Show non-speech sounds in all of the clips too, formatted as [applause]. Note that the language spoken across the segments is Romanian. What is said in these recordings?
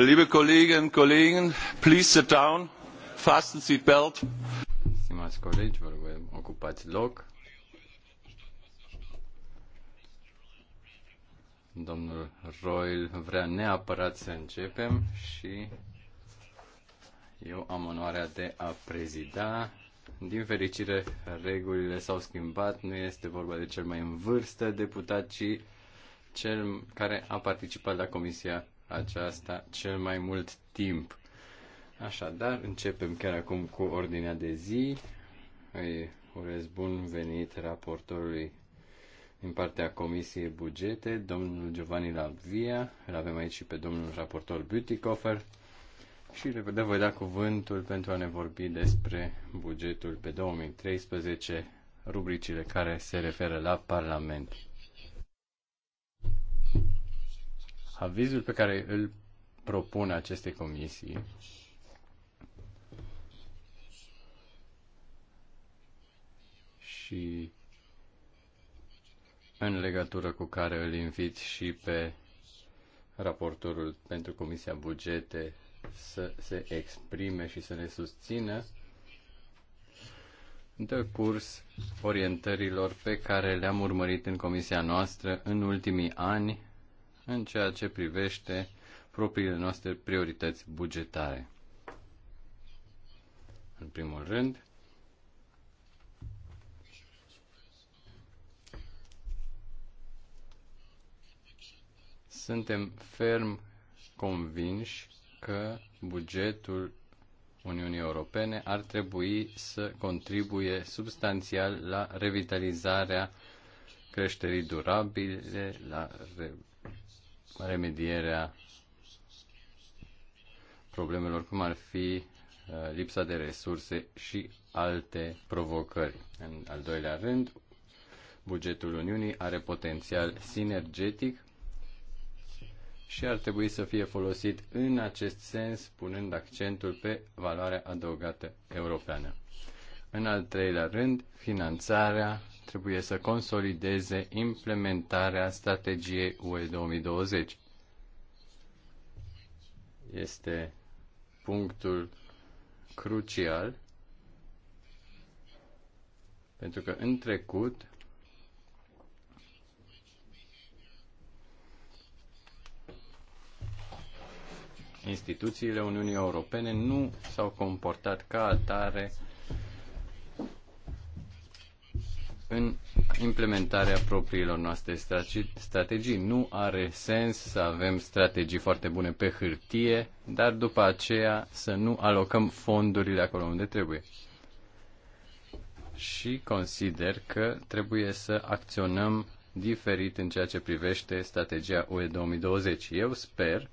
Liebe Kolleginnen und Kollegen, please sit down, fasten seat belt. Stimați colegi, vă rugăm, ocupați loc. Domnul Royal vrea neapărat să începem și eu am onoarea de a prezida. Din fericire, regulile s-au schimbat. Nu este vorba de cel mai în vârstă deputat, ci cel care a participat la Comisia aceasta cel mai mult timp. Așadar, începem chiar acum cu ordinea de zi. Îi urez bun venit raportorului din partea Comisiei Bugete, domnul Giovanni Lavia, îl avem aici și pe domnul raportor Butikofer și le voi da cuvântul pentru a ne vorbi despre bugetul pe 2013, rubricile care se referă la Parlament. Avizul pe care îl propun aceste comisii și în legătură cu care îl invit și pe raportorul pentru Comisia Bugete să se exprime și să ne susțină, de curs orientărilor pe care le-am urmărit în comisia noastră în ultimii ani în ceea ce privește propriile noastre priorități bugetare. În primul rând, suntem ferm convinși că bugetul Uniunii Europene ar trebui să contribuie substanțial la revitalizarea creșterii durabile, la remedierea problemelor cum ar fi uh, lipsa de resurse și alte provocări. În al doilea rând, bugetul Uniunii are potențial sinergetic și ar trebui să fie folosit în acest sens, punând accentul pe valoarea adăugată europeană. În al treilea rând, finanțarea trebuie să consolideze implementarea strategiei UE 2020. Este punctul crucial pentru că în trecut instituțiile Uniunii Europene nu s-au comportat ca atare în implementarea propriilor noastre strategii. Nu are sens să avem strategii foarte bune pe hârtie, dar după aceea să nu alocăm fondurile acolo unde trebuie. Și consider că trebuie să acționăm diferit în ceea ce privește strategia UE 2020. Eu sper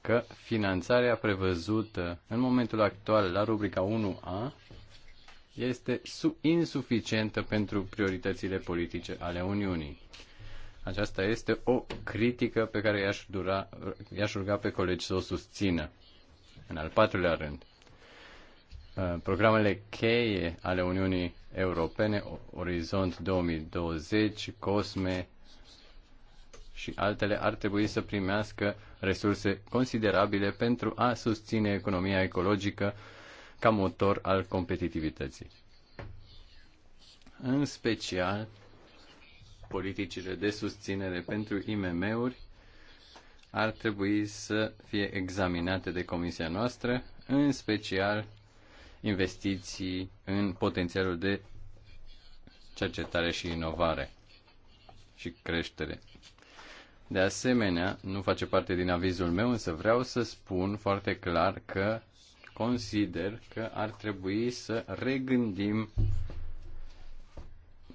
că finanțarea prevăzută în momentul actual la rubrica 1A este insuficientă pentru prioritățile politice ale Uniunii. Aceasta este o critică pe care i-aș, dura, i-aș ruga pe colegi să o susțină. În al patrulea rând, uh, programele cheie ale Uniunii Europene, Orizont 2020, COSME și altele ar trebui să primească resurse considerabile pentru a susține economia ecologică, ca motor al competitivității. În special, politicile de susținere pentru IMM-uri ar trebui să fie examinate de comisia noastră, în special investiții în potențialul de cercetare și inovare și creștere. De asemenea, nu face parte din avizul meu, însă vreau să spun foarte clar că consider că ar trebui să regândim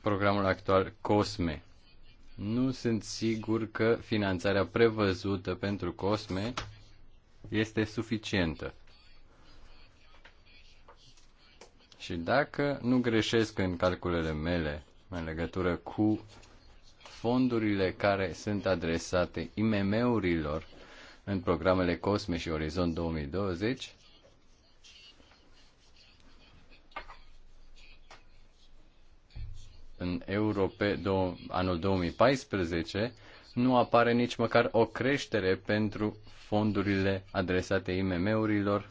programul actual COSME. Nu sunt sigur că finanțarea prevăzută pentru COSME este suficientă. Și dacă nu greșesc în calculele mele în legătură cu fondurile care sunt adresate IMM-urilor în programele COSME și Orizont 2020, în euro pe anul 2014, nu apare nici măcar o creștere pentru fondurile adresate IMM-urilor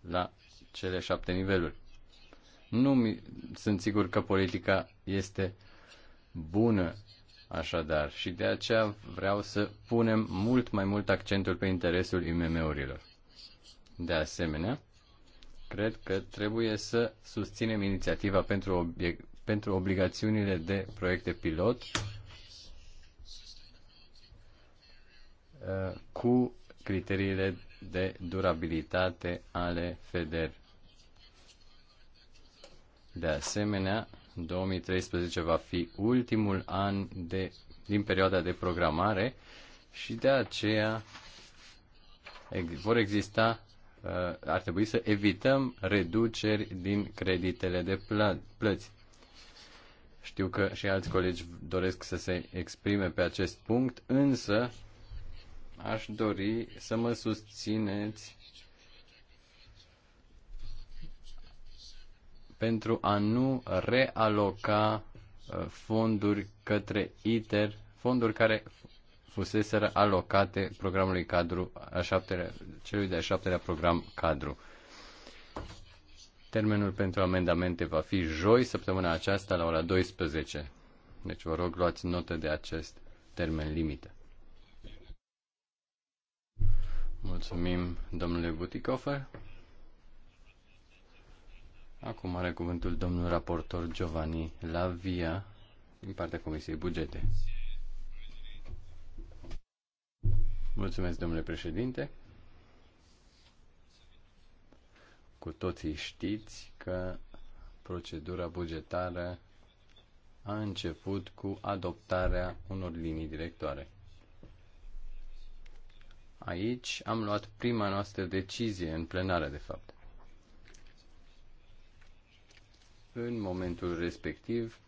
la cele șapte niveluri. Nu mi- sunt sigur că politica este bună așadar și de aceea vreau să punem mult mai mult accentul pe interesul IMM-urilor. De asemenea, cred că trebuie să susținem inițiativa pentru, obiect, pentru obligațiunile de proiecte pilot uh, cu criteriile de durabilitate ale FEDER. De asemenea, 2013 va fi ultimul an de, din perioada de programare și de aceea vor exista Uh, ar trebui să evităm reduceri din creditele de plăți. Știu că și alți colegi doresc să se exprime pe acest punct, însă aș dori să mă susțineți pentru a nu realoca uh, fonduri către ITER, fonduri care fuseseră alocate programului cadru, a șaptelea, celui de-a șaptelea program cadru. Termenul pentru amendamente va fi joi, săptămâna aceasta, la ora 12. Deci vă rog, luați notă de acest termen limită. Mulțumim, domnule Butikofer. Acum are cuvântul domnul raportor Giovanni Lavia din partea Comisiei Bugete. Mulțumesc, domnule președinte. Cu toții știți că procedura bugetară a început cu adoptarea unor linii directoare. Aici am luat prima noastră decizie în plenară, de fapt. În momentul respectiv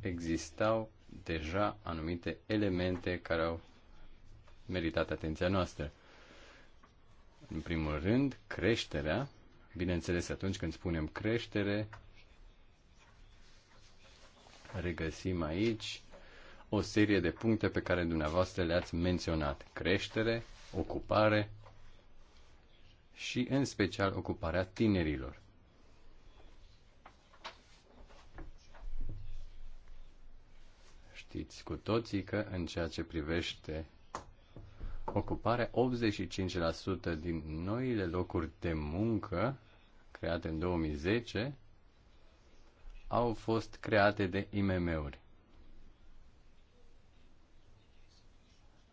existau deja anumite elemente care au meritat atenția noastră. În primul rând, creșterea. Bineînțeles, atunci când spunem creștere, regăsim aici o serie de puncte pe care dumneavoastră le-ați menționat. Creștere, ocupare și, în special, ocuparea tinerilor. Știți cu toții că, în ceea ce privește ocupare, 85% din noile locuri de muncă create în 2010 au fost create de IMM-uri.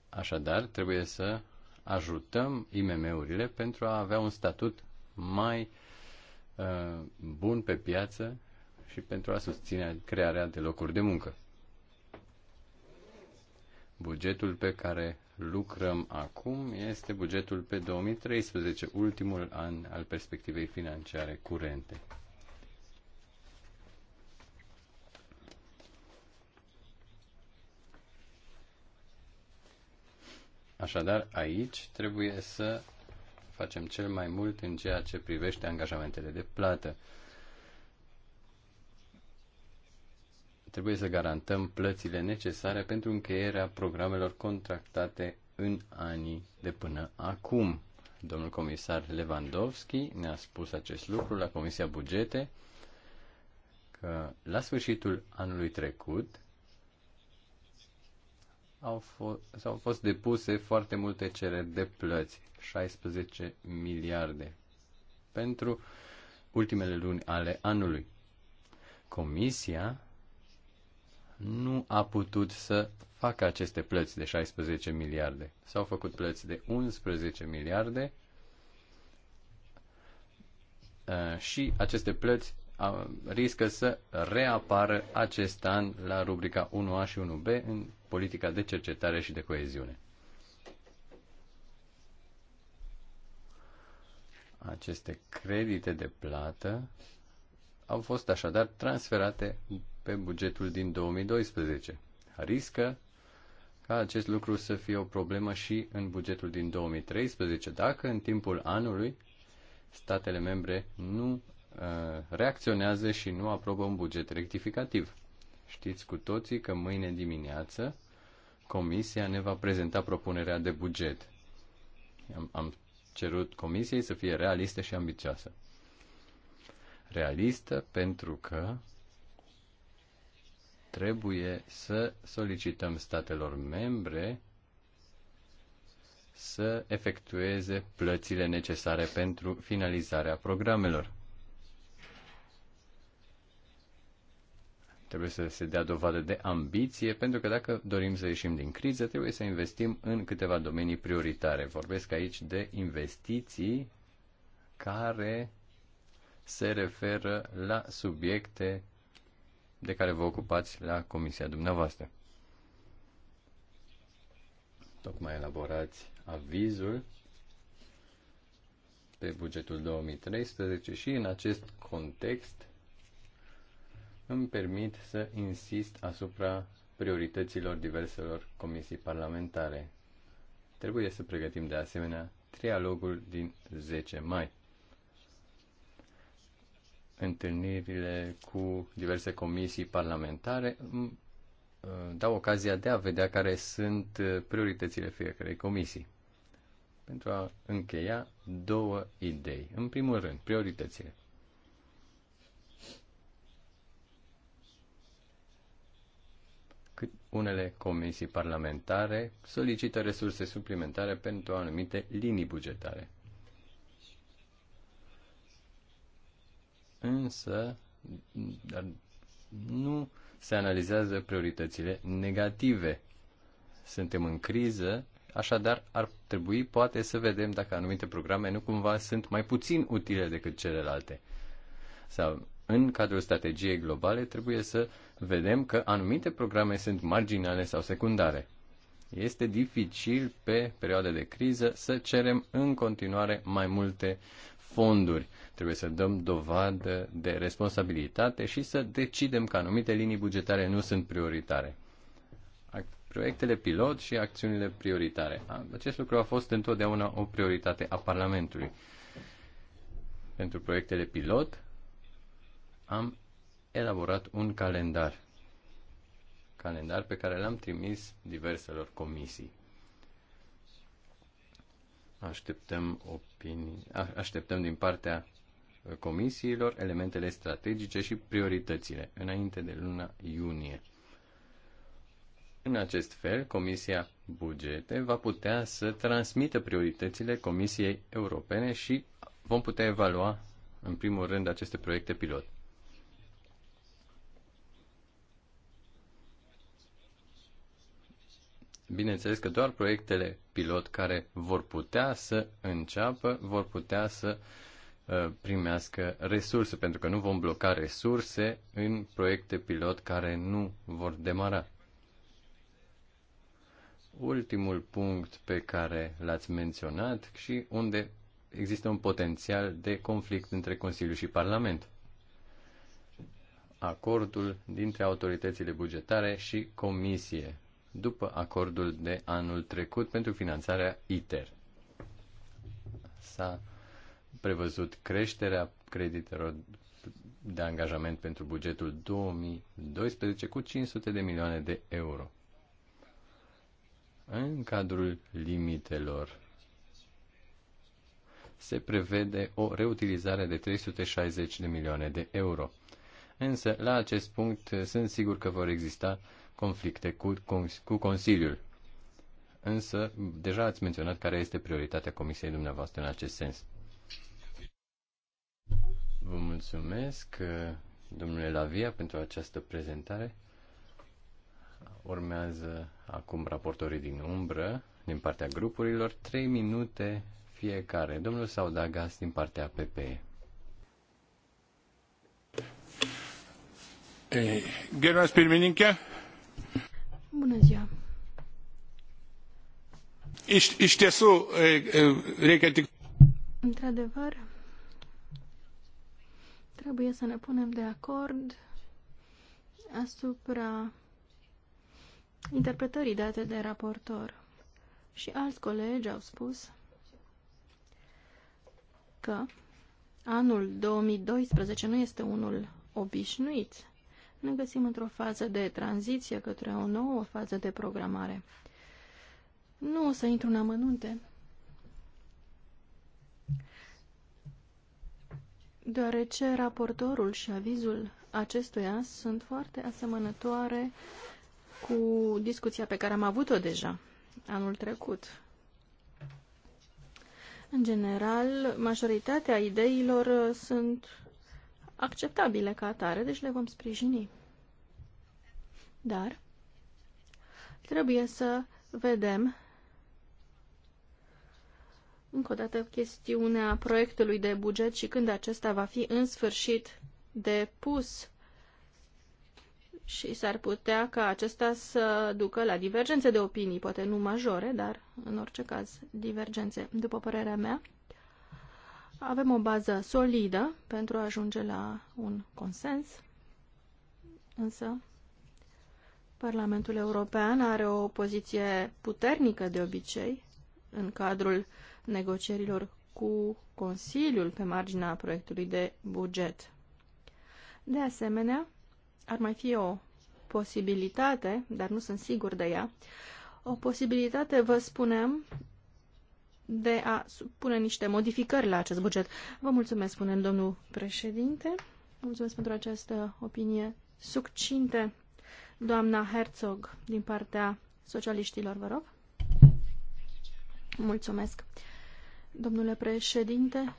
Așadar, trebuie să ajutăm IMM-urile pentru a avea un statut mai uh, bun pe piață și pentru a susține crearea de locuri de muncă. Bugetul pe care lucrăm acum este bugetul pe 2013, ultimul an al perspectivei financiare curente. Așadar, aici trebuie să facem cel mai mult în ceea ce privește angajamentele de plată. trebuie să garantăm plățile necesare pentru încheierea programelor contractate în anii de până acum. Domnul comisar Lewandowski ne-a spus acest lucru la Comisia Bugete că la sfârșitul anului trecut au, fost, au fost depuse foarte multe cereri de plăți, 16 miliarde, pentru ultimele luni ale anului. Comisia nu a putut să facă aceste plăți de 16 miliarde. S-au făcut plăți de 11 miliarde uh, și aceste plăți uh, riscă să reapară acest an la rubrica 1A și 1B în politica de cercetare și de coeziune. Aceste credite de plată au fost așadar transferate pe bugetul din 2012. Riscă ca acest lucru să fie o problemă și în bugetul din 2013, dacă în timpul anului statele membre nu uh, reacționează și nu aprobă un buget rectificativ. Știți cu toții că mâine dimineață Comisia ne va prezenta propunerea de buget. Am, am cerut Comisiei să fie realistă și ambițioasă. Realistă pentru că trebuie să solicităm statelor membre să efectueze plățile necesare pentru finalizarea programelor. Trebuie să se dea dovadă de ambiție, pentru că dacă dorim să ieșim din criză, trebuie să investim în câteva domenii prioritare. Vorbesc aici de investiții care se referă la subiecte de care vă ocupați la comisia dumneavoastră. Tocmai elaborați avizul pe bugetul 2013 și în acest context îmi permit să insist asupra priorităților diverselor comisii parlamentare. Trebuie să pregătim de asemenea trialogul din 10 mai întâlnirile cu diverse comisii parlamentare uh, dau ocazia de a vedea care sunt uh, prioritățile fiecarei comisii. Pentru a încheia două idei. În primul rând, prioritățile. Cât unele comisii parlamentare solicită resurse suplimentare pentru anumite linii bugetare. însă dar nu se analizează prioritățile negative. Suntem în criză, așadar ar trebui poate să vedem dacă anumite programe nu cumva sunt mai puțin utile decât celelalte. Sau în cadrul strategiei globale trebuie să vedem că anumite programe sunt marginale sau secundare. Este dificil pe perioada de criză să cerem în continuare mai multe fonduri. Trebuie să dăm dovadă de responsabilitate și să decidem că anumite linii bugetare nu sunt prioritare. Proiectele pilot și acțiunile prioritare. Acest lucru a fost întotdeauna o prioritate a Parlamentului. Pentru proiectele pilot am elaborat un calendar. Calendar pe care l-am trimis diverselor comisii. Așteptăm, opinii, așteptăm din partea comisiilor elementele strategice și prioritățile înainte de luna iunie. În acest fel, Comisia Bugete va putea să transmită prioritățile Comisiei Europene și vom putea evalua, în primul rând, aceste proiecte pilot. Bineînțeles că doar proiectele pilot care vor putea să înceapă, vor putea să uh, primească resurse, pentru că nu vom bloca resurse în proiecte pilot care nu vor demara. Ultimul punct pe care l-ați menționat și unde există un potențial de conflict între Consiliu și Parlament. Acordul dintre autoritățile bugetare și Comisie după acordul de anul trecut pentru finanțarea ITER. S-a prevăzut creșterea creditelor de angajament pentru bugetul 2012 cu 500 de milioane de euro. În cadrul limitelor se prevede o reutilizare de 360 de milioane de euro. Însă, la acest punct, sunt sigur că vor exista conflicte cu, cu Consiliul. Însă, deja ați menționat care este prioritatea Comisiei dumneavoastră în acest sens. Vă mulțumesc, domnule Lavia, pentru această prezentare. Urmează acum raportorii din umbră, din partea grupurilor, trei minute fiecare. Domnul Saudagas din partea PPE. Eh, gerbiamas pirmininkė, Bună ziua! Într-adevăr, trebuie să ne punem de acord asupra interpretării date de raportor. Și alți colegi au spus că anul 2012 nu este unul obișnuit ne găsim într-o fază de tranziție către o nouă fază de programare. Nu o să intru în amănunte, deoarece raportorul și avizul acestuia sunt foarte asemănătoare cu discuția pe care am avut-o deja anul trecut. În general, majoritatea ideilor sunt acceptabile ca atare, deci le vom sprijini. Dar trebuie să vedem încă o dată chestiunea proiectului de buget și când acesta va fi în sfârșit depus și s-ar putea ca acesta să ducă la divergențe de opinii, poate nu majore, dar în orice caz divergențe, după părerea mea avem o bază solidă pentru a ajunge la un consens, însă Parlamentul European are o poziție puternică de obicei în cadrul negocierilor cu Consiliul pe marginea proiectului de buget. De asemenea, ar mai fi o posibilitate, dar nu sunt sigur de ea, o posibilitate, vă spunem, de a pune niște modificări la acest buget. Vă mulțumesc, spune domnul președinte. Mulțumesc pentru această opinie succinte. Doamna Herzog, din partea socialiștilor, vă rog. Mulțumesc. Domnule președinte,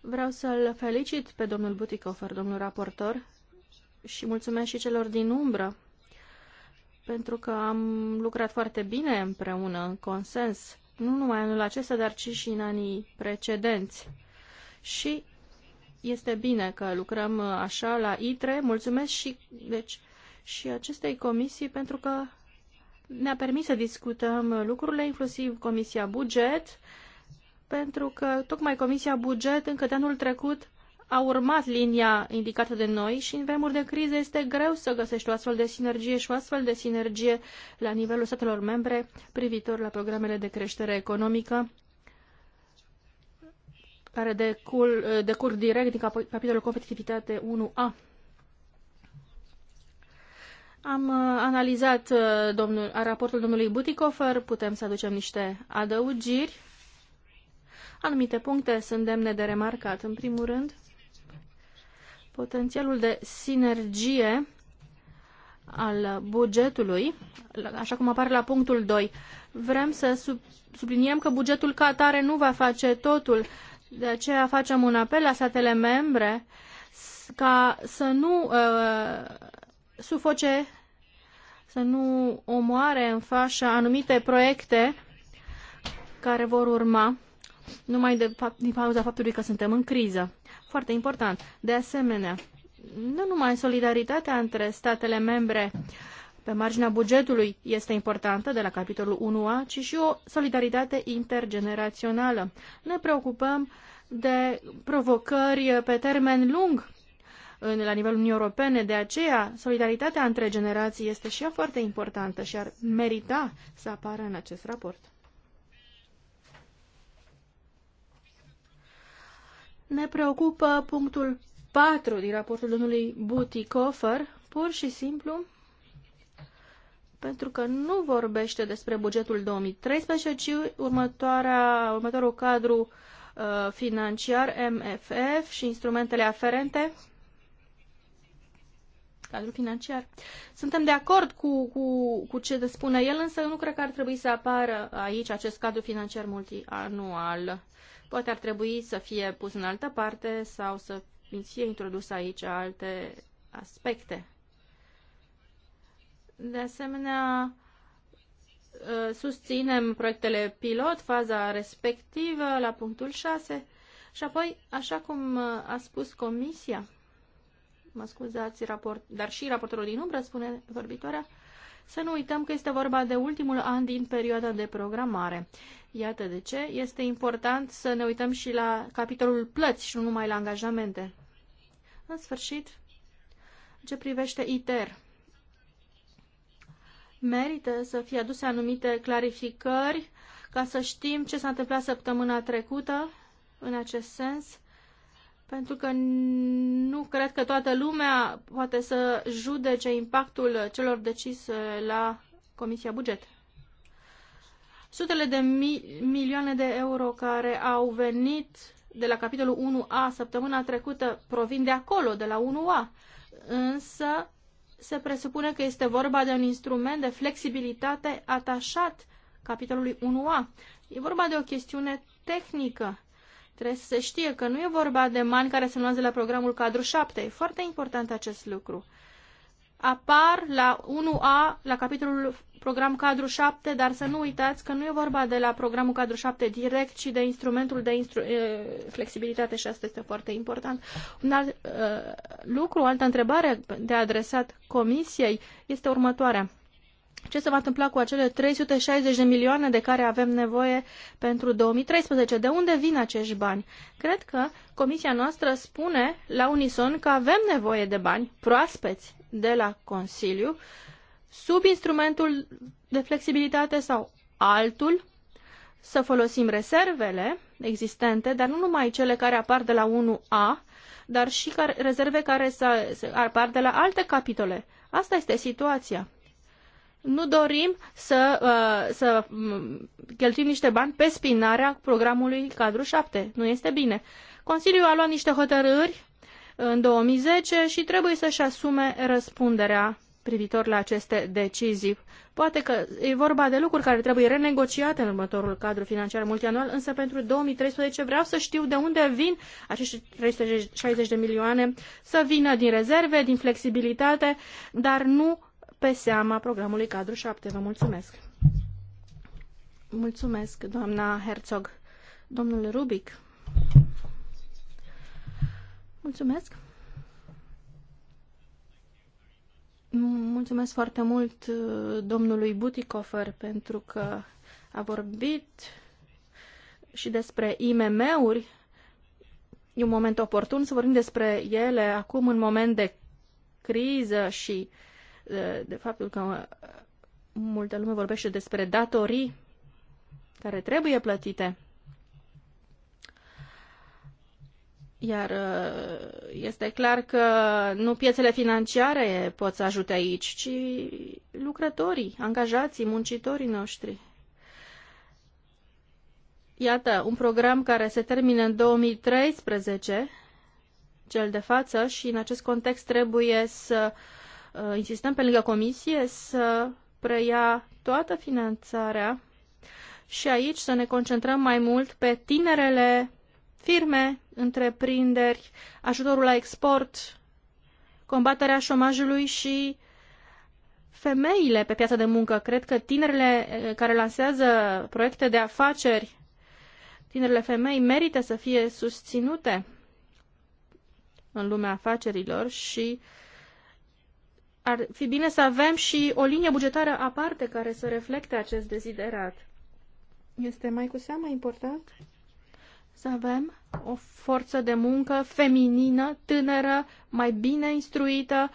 vreau să-l felicit pe domnul Butikofer, domnul raportor, și mulțumesc și celor din umbră, pentru că am lucrat foarte bine împreună în consens nu numai anul acesta, dar ci și în anii precedenți. Și este bine că lucrăm așa la ITRE. Mulțumesc și, deci, și acestei comisii pentru că ne-a permis să discutăm lucrurile, inclusiv Comisia Buget, pentru că tocmai Comisia Buget încă de anul trecut a urmat linia indicată de noi și în vremuri de criză este greu să găsești o astfel de sinergie și o astfel de sinergie la nivelul statelor membre privitor la programele de creștere economică care decur, decur direct din capitolul competitivitate 1A. Am uh, analizat uh, domnul, raportul domnului Butikofer, putem să aducem niște adăugiri Anumite puncte sunt demne de remarcat. În primul rând, Potențialul de sinergie al bugetului, așa cum apare la punctul 2, vrem să sub, subliniem că bugetul ca atare nu va face totul, de aceea facem un apel la statele membre ca să nu uh, sufoce, să nu omoare în fașa anumite proiecte care vor urma numai de, din cauza faptului că suntem în criză foarte important. De asemenea, nu numai solidaritatea între statele membre pe marginea bugetului este importantă de la capitolul 1A, ci și o solidaritate intergenerațională. Ne preocupăm de provocări pe termen lung în, la nivelul Uniunii Europene. De aceea, solidaritatea între generații este și ea foarte importantă și ar merita să apară în acest raport. ne preocupă punctul 4 din raportul domnului Butikofer, pur și simplu pentru că nu vorbește despre bugetul 2013, ci următoarea, următorul cadru uh, financiar, MFF și instrumentele aferente. Cadrul financiar. Suntem de acord cu, cu, cu ce spune el, însă eu nu cred că ar trebui să apară aici acest cadru financiar multianual. Poate ar trebui să fie pus în altă parte sau să fie introdus aici alte aspecte. De asemenea, ă, susținem proiectele pilot, faza respectivă, la punctul 6, și apoi, așa cum a spus Comisia, mă scuzați, raport, dar și raportorul din umbră, spune vorbitoarea, să nu uităm că este vorba de ultimul an din perioada de programare. Iată de ce este important să ne uităm și la capitolul plăți și nu numai la angajamente. În sfârșit, ce privește ITER, merită să fie aduse anumite clarificări ca să știm ce s-a întâmplat săptămâna trecută în acest sens pentru că nu cred că toată lumea poate să judece impactul celor decise la Comisia Buget. Sutele de mi- milioane de euro care au venit de la capitolul 1A săptămâna trecută provin de acolo, de la 1A, însă se presupune că este vorba de un instrument de flexibilitate atașat capitolului 1A. E vorba de o chestiune tehnică Trebuie să se știe că nu e vorba de mani care semnează la programul cadru 7. E foarte important acest lucru. Apar la 1A, la capitolul program cadru 7, dar să nu uitați că nu e vorba de la programul cadru 7 direct, ci de instrumentul de instru- flexibilitate și asta este foarte important. Un alt uh, lucru, o altă întrebare de adresat comisiei este următoarea ce se va întâmpla cu acele 360 de milioane de care avem nevoie pentru 2013? De unde vin acești bani? Cred că comisia noastră spune la unison că avem nevoie de bani proaspeți de la Consiliu sub instrumentul de flexibilitate sau altul, să folosim reservele existente, dar nu numai cele care apar de la 1A, dar și care, rezerve care să, să apar de la alte capitole. Asta este situația nu dorim să, uh, să mm, cheltuim niște bani pe spinarea programului cadru 7. Nu este bine. Consiliul a luat niște hotărâri în 2010 și trebuie să-și asume răspunderea privitor la aceste decizii. Poate că e vorba de lucruri care trebuie renegociate în următorul cadru financiar multianual, însă pentru 2013 vreau să știu de unde vin acești 360 de milioane, să vină din rezerve, din flexibilitate, dar nu pe seama programului cadru 7. Vă mulțumesc! Mulțumesc, doamna Herzog. Domnul Rubic. Mulțumesc. Mulțumesc foarte mult uh, domnului Butikofer pentru că a vorbit și despre IMM-uri. E un moment oportun să vorbim despre ele acum în moment de criză și uh, de faptul că uh, multă lume vorbește despre datorii care trebuie plătite. Iar uh, este clar că nu piețele financiare pot să ajute aici, ci lucrătorii, angajații, muncitorii noștri. Iată, un program care se termină în 2013, cel de față, și în acest context trebuie să uh, Uh, insistăm pe lângă comisie să preia toată finanțarea și aici să ne concentrăm mai mult pe tinerele firme, întreprinderi, ajutorul la export, combaterea șomajului și femeile pe piața de muncă. Cred că tinerile uh, care lansează proiecte de afaceri, tinerile femei, merită să fie susținute în lumea afacerilor și uh, ar fi bine să avem și o linie bugetară aparte care să reflecte acest deziderat. Este mai cu seamă important să avem o forță de muncă feminină, tânără, mai bine instruită,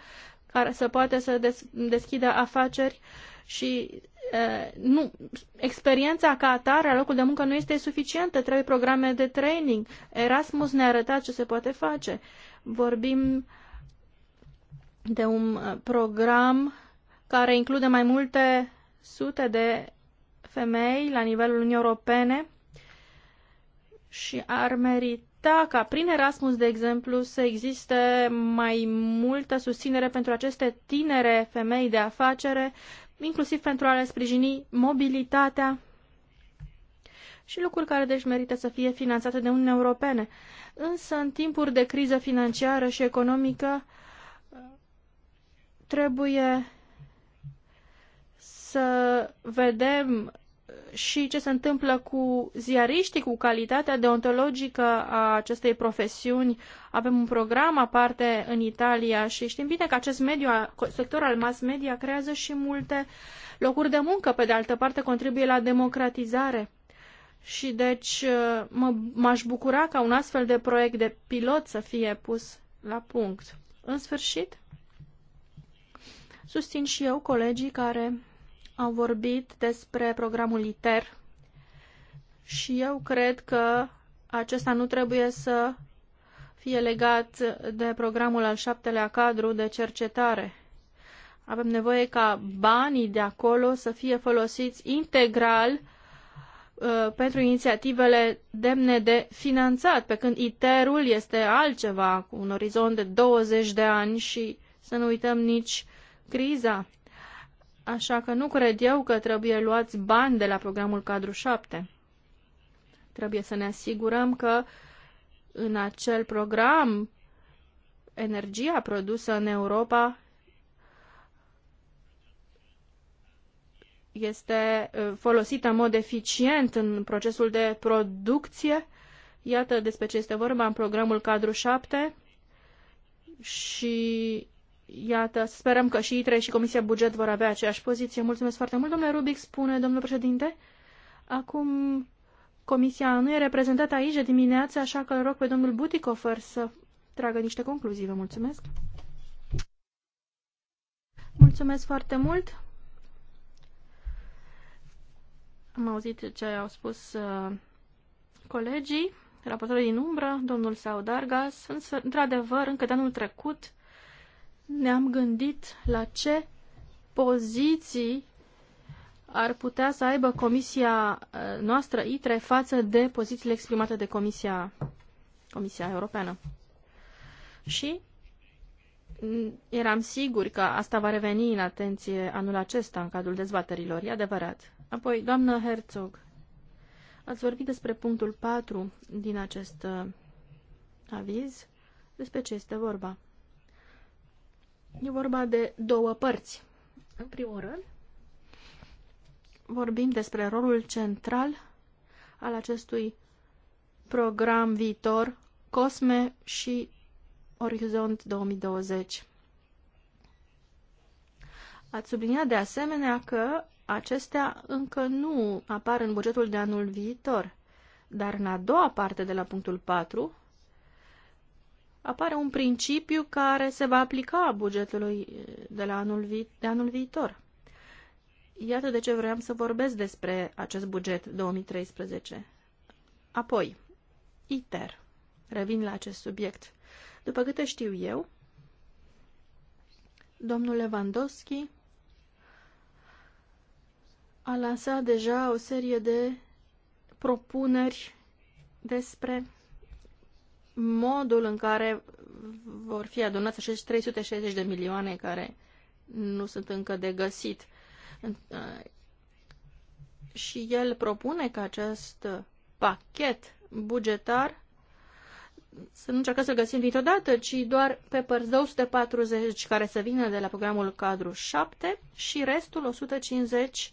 care să poată să des- deschidă afaceri și e, nu, experiența ca atare a locul de muncă nu este suficientă, trebuie programe de training. Erasmus ne arătat ce se poate face. Vorbim uh, de un uh, program care include mai multe sute de femei la nivelul Uniunii Europene și ar merita ca prin Erasmus, de exemplu, să existe mai multă susținere pentru aceste tinere femei de afacere, inclusiv pentru a le sprijini mobilitatea și lucruri care deci merită să fie finanțate de Uniunea Europene. Însă, în timpuri de criză financiară și economică, Trebuie să vedem și ce se întâmplă cu ziariștii, cu calitatea deontologică a acestei profesiuni. Avem un program aparte în Italia și știm bine că acest mediu, sector al mass media creează și multe locuri de muncă, pe de altă parte contribuie la democratizare. Și deci mă, m-aș bucura ca un astfel de proiect de pilot să fie pus la punct. În sfârșit, Susțin și eu colegii care au vorbit despre programul ITER și eu cred că acesta nu trebuie să fie legat de programul al șaptelea cadru de cercetare. Avem nevoie ca banii de acolo să fie folosiți integral uh, pentru inițiativele demne de finanțat, pe când ITER-ul este altceva, cu un orizont de 20 de ani și să nu uităm nici criza. Așa că nu cred eu că trebuie luați bani de la programul cadru 7. Trebuie să ne asigurăm că în acel program energia produsă în Europa este uh, folosită în mod eficient în procesul de producție. Iată despre ce este vorba în programul cadru 7 și Iată, sperăm că și ITRE și Comisia Buget vor avea aceeași poziție. Mulțumesc foarte mult, domnule Rubic, spune domnul președinte. Acum Comisia nu e reprezentată aici de dimineață, așa că îl rog pe domnul Buticofer să tragă niște concluzii. Vă mulțumesc. Mulțumesc foarte mult. Am auzit ce au spus uh, colegii, raportorii din umbră, domnul Saudargas. Într-adevăr, încă de anul trecut ne-am gândit la ce poziții ar putea să aibă comisia uh, noastră ITRE față de pozițiile exprimate de Comisia, comisia Europeană. Și mm, eram sigur că asta va reveni în atenție anul acesta în cadrul dezbaterilor, e adevărat. Apoi, doamnă Herzog, ați vorbit despre punctul 4 din acest uh, aviz, despre ce este vorba. E vorba de două părți. În primul rând, vorbim despre rolul central al acestui program viitor COSME și Orizont 2020. Ați subliniat de asemenea că acestea încă nu apar în bugetul de anul viitor, dar în a doua parte de la punctul 4 apare un principiu care se va aplica bugetului de, la anul, vi- de anul viitor. Iată de ce vreau să vorbesc despre acest buget 2013. Apoi, ITER. Revin la acest subiect. După câte știu eu, domnul Lewandowski a lansat deja o serie de propuneri despre modul în care vor fi adunați acești 360 de milioane care nu sunt încă de găsit. Uh, și el propune că acest pachet bugetar să nu încercăm să-l găsim dintr-o dată, ci doar pe părți 240 care să vină de la programul cadru 7 și restul 150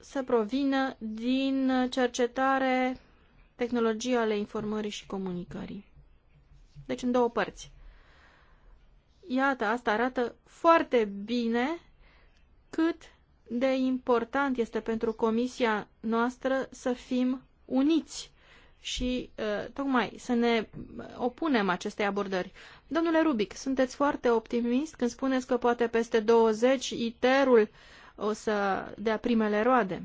să provină din cercetare tehnologii ale informării și comunicării. Deci în două părți. Iată, asta arată foarte bine cât de important este pentru comisia noastră să fim uniți și uh, tocmai să ne opunem acestei abordări. Domnule Rubic, sunteți foarte optimist când spuneți că poate peste 20 ITER-ul o să dea primele roade.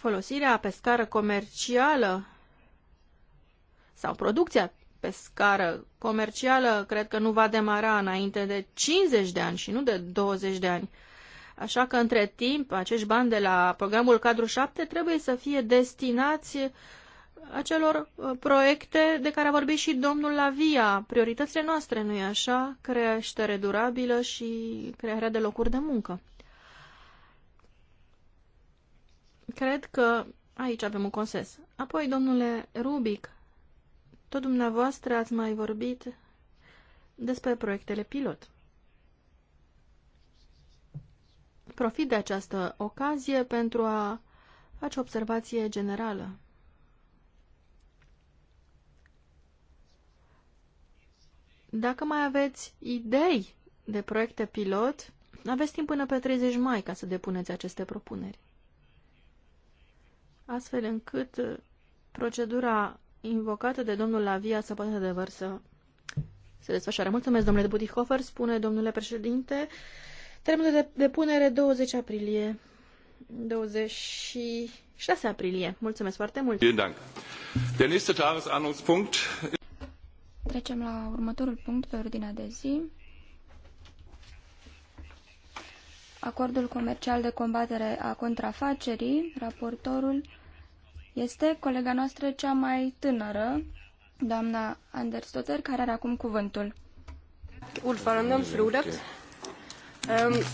Folosirea pe scară comercială sau producția pe scară comercială cred că nu va demara înainte de 50 de ani și nu de 20 de ani. Așa că, între timp, acești bani de la programul Cadru 7 trebuie să fie destinați acelor uh, proiecte de care a vorbit și domnul Lavia, prioritățile noastre, nu-i așa? Creștere durabilă și crearea de locuri de muncă. Cred că aici avem un consens. Apoi, domnule Rubic, tot dumneavoastră ați mai vorbit despre proiectele pilot. Profit de această ocazie pentru a face o observație generală. Dacă mai aveți idei de proiecte pilot, aveți timp până pe 30 mai ca să depuneți aceste propuneri astfel încât uh, procedura invocată de domnul Lavia să poată adevăr să se desfășoare. Mulțumesc, domnule Butihofer, spune domnule președinte. Termenul de depunere 20 aprilie. 26 aprilie. Mulțumesc foarte mult. Trecem la următorul punct pe ordinea de zi. Acordul comercial de combatere a contrafacerii, raportorul este colega noastră cea mai tânără, doamna Anders care are acum cuvântul. Ehm,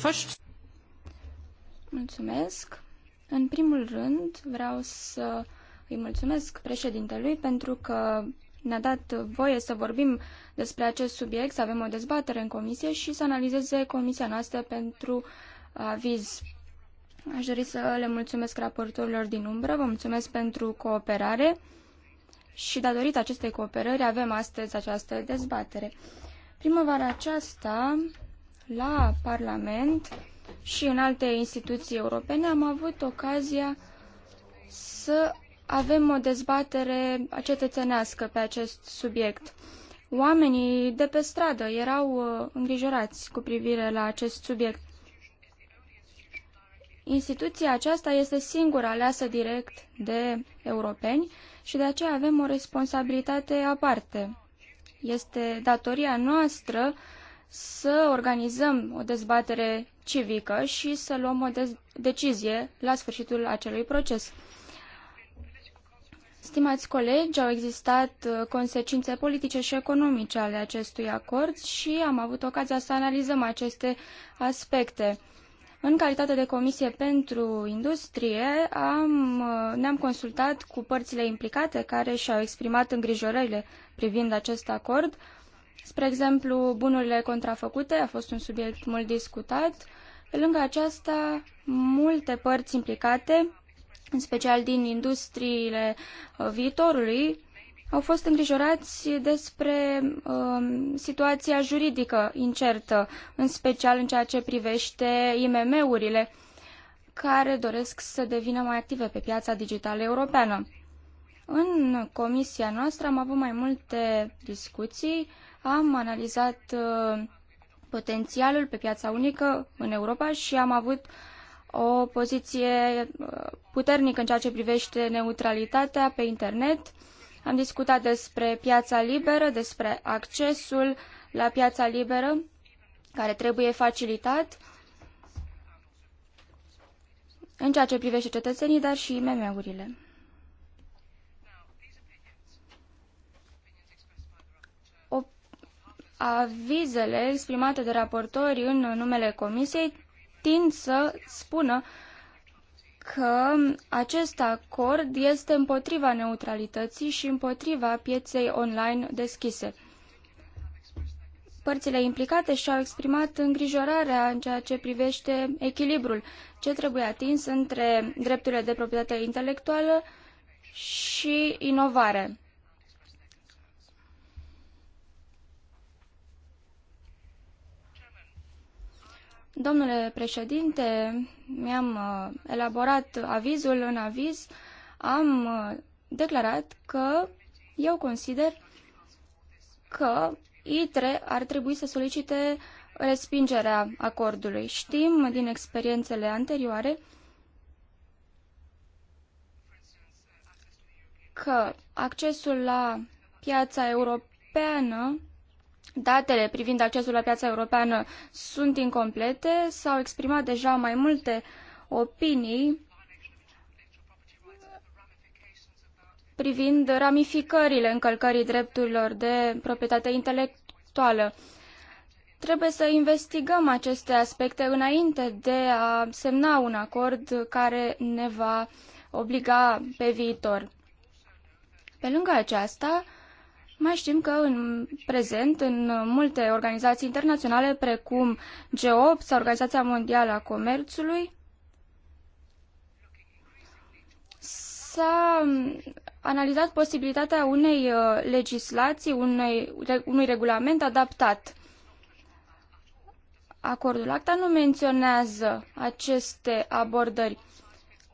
mulțumesc. În primul rând vreau să îi mulțumesc președintelui pentru că ne-a dat voie să vorbim despre acest subiect, să avem o dezbatere în comisie și să analizeze comisia noastră pentru aviz Aș dori să le mulțumesc raportorilor din umbră, vă mulțumesc pentru cooperare și datorită acestei cooperări avem astăzi această dezbatere. Primăvara aceasta, la Parlament și în alte instituții europene, am avut ocazia să avem o dezbatere cetățenească pe acest subiect. Oamenii de pe stradă erau uh, îngrijorați cu privire la acest subiect. Instituția aceasta este singura aleasă direct de europeni și de aceea avem o responsabilitate aparte. Este datoria noastră să organizăm o dezbatere civică și să luăm o decizie la sfârșitul acelui proces. Stimați colegi, au existat uh, consecințe politice și economice ale acestui acord și am avut ocazia să analizăm aceste aspecte. În calitate de Comisie pentru Industrie, am, ne-am consultat cu părțile implicate care și-au exprimat îngrijorările privind acest acord. Spre exemplu, bunurile contrafăcute a fost un subiect mult discutat. Pe lângă aceasta, multe părți implicate, în special din industriile uh, viitorului, au fost îngrijorați despre uh, situația juridică incertă, în special în ceea ce privește IMM-urile care doresc să devină mai active pe piața digitală europeană. În comisia noastră am avut mai multe discuții, am analizat uh, potențialul pe piața unică în Europa și am avut o poziție uh, puternică în ceea ce privește neutralitatea pe internet, uh, am discutat despre piața liberă, despre accesul la piața liberă, care trebuie facilitat în ceea ce privește cetățenii, dar și IMM-urile. Avizele exprimate de raportori în numele Comisiei tind să spună că acest acord este împotriva neutralității și împotriva pieței online deschise. Părțile implicate și-au exprimat îngrijorarea în ceea ce privește echilibrul ce trebuie atins între drepturile de proprietate intelectuală și inovare. Domnule președinte, mi-am uh, elaborat avizul în aviz, am uh, declarat că eu consider că ITRE ar trebui să solicite respingerea acordului. Știm din experiențele anterioare că accesul la piața europeană Datele privind accesul la piața europeană sunt incomplete, s-au exprimat deja mai multe opinii privind ramificările încălcării drepturilor de proprietate intelectuală. Trebuie să investigăm aceste aspecte înainte de a semna un acord care ne va obliga pe viitor. Pe lângă aceasta, mai știm că în prezent, în multe organizații internaționale, precum G8 sau Organizația Mondială a Comerțului, s-a analizat posibilitatea unei uh, legislații, unei, unui regulament adaptat. Acordul ACTA nu menționează aceste abordări.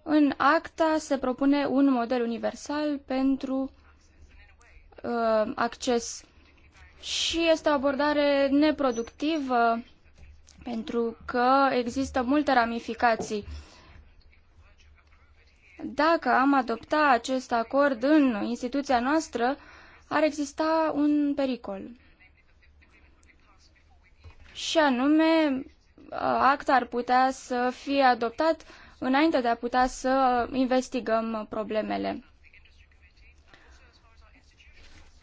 În ACTA se propune un model universal pentru uh, acces și este o abordare neproductivă pentru că există multe ramificații. Dacă am adopta acest acord în instituția noastră, ar exista un pericol. Și anume, uh, act ar putea să fie adoptat înainte de a putea să investigăm problemele.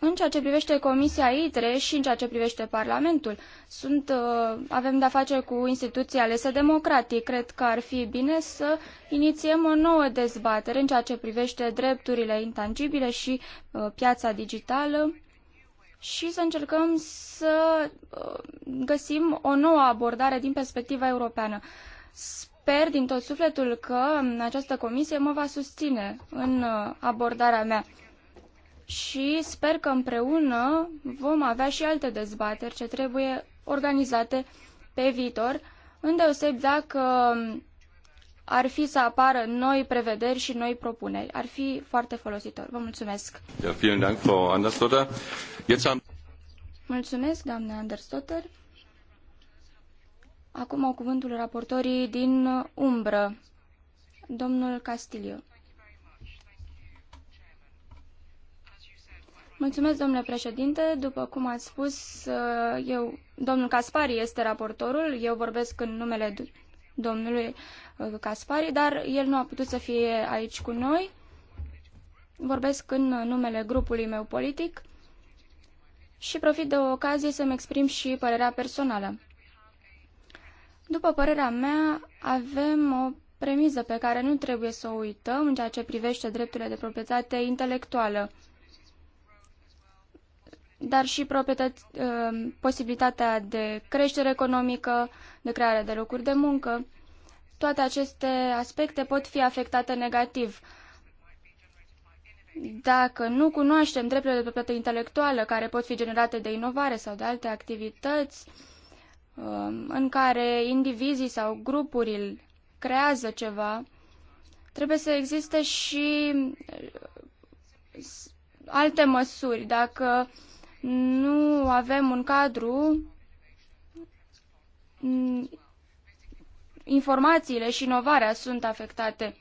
În ceea ce privește Comisia ITRE și în ceea ce privește Parlamentul, sunt, uh, avem de-a face cu instituții alese democratic. Cred că ar fi bine să inițiem o nouă dezbatere în ceea ce privește drepturile intangibile și uh, piața digitală și să încercăm să uh, găsim o nouă abordare din perspectiva europeană. Sper din tot sufletul că um, această comisie mă va susține în abordarea mea și sper că împreună vom avea și alte dezbateri ce trebuie organizate pe viitor, îndeoseb dacă ar fi să apară noi prevederi și noi propuneri. Ar fi foarte folositor. Vă mulțumesc. Ja, vielen Dank, Frau Jetzt am... Mulțumesc, doamne Andersdotter. Acum au cuvântul raportorii din umbră, domnul Castilio. Mulțumesc, domnule președinte. După cum ați spus, uh, eu, domnul Caspari este raportorul, eu vorbesc în numele domnului uh, Caspari, dar el nu a putut să fie aici cu noi. Vorbesc în numele grupului meu politic și profit de o ocazie să-mi exprim și părerea personală. După părerea mea, avem o premiză pe care nu trebuie să o uităm în ceea ce privește drepturile de proprietate intelectuală dar și uh, posibilitatea de creștere economică, de creare de locuri de muncă. Toate aceste aspecte pot fi afectate negativ. Dacă nu cunoaștem drepturile de proprietate intelectuală care pot fi generate de inovare sau de alte activități um, în care indivizii sau grupuri creează ceva, trebuie să existe și uh, alte măsuri. Dacă nu avem un cadru, mm, informațiile și inovarea sunt afectate.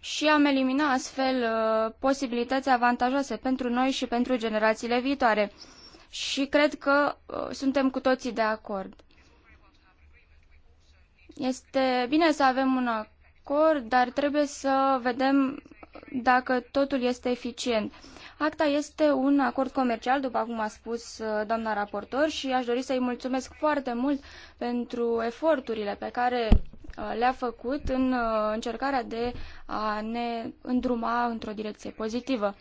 Și am eliminat astfel uh, posibilități avantajoase pentru noi și pentru generațiile viitoare. Și cred că uh, suntem cu toții de acord. Este bine să avem un acord, dar trebuie să vedem dacă totul este eficient. Acta este un acord comercial, după cum a spus uh, doamna raportor, și aș dori să-i mulțumesc foarte mult pentru eforturile pe care uh, le-a făcut în uh, încercarea de a ne îndruma într-o direcție pozitivă.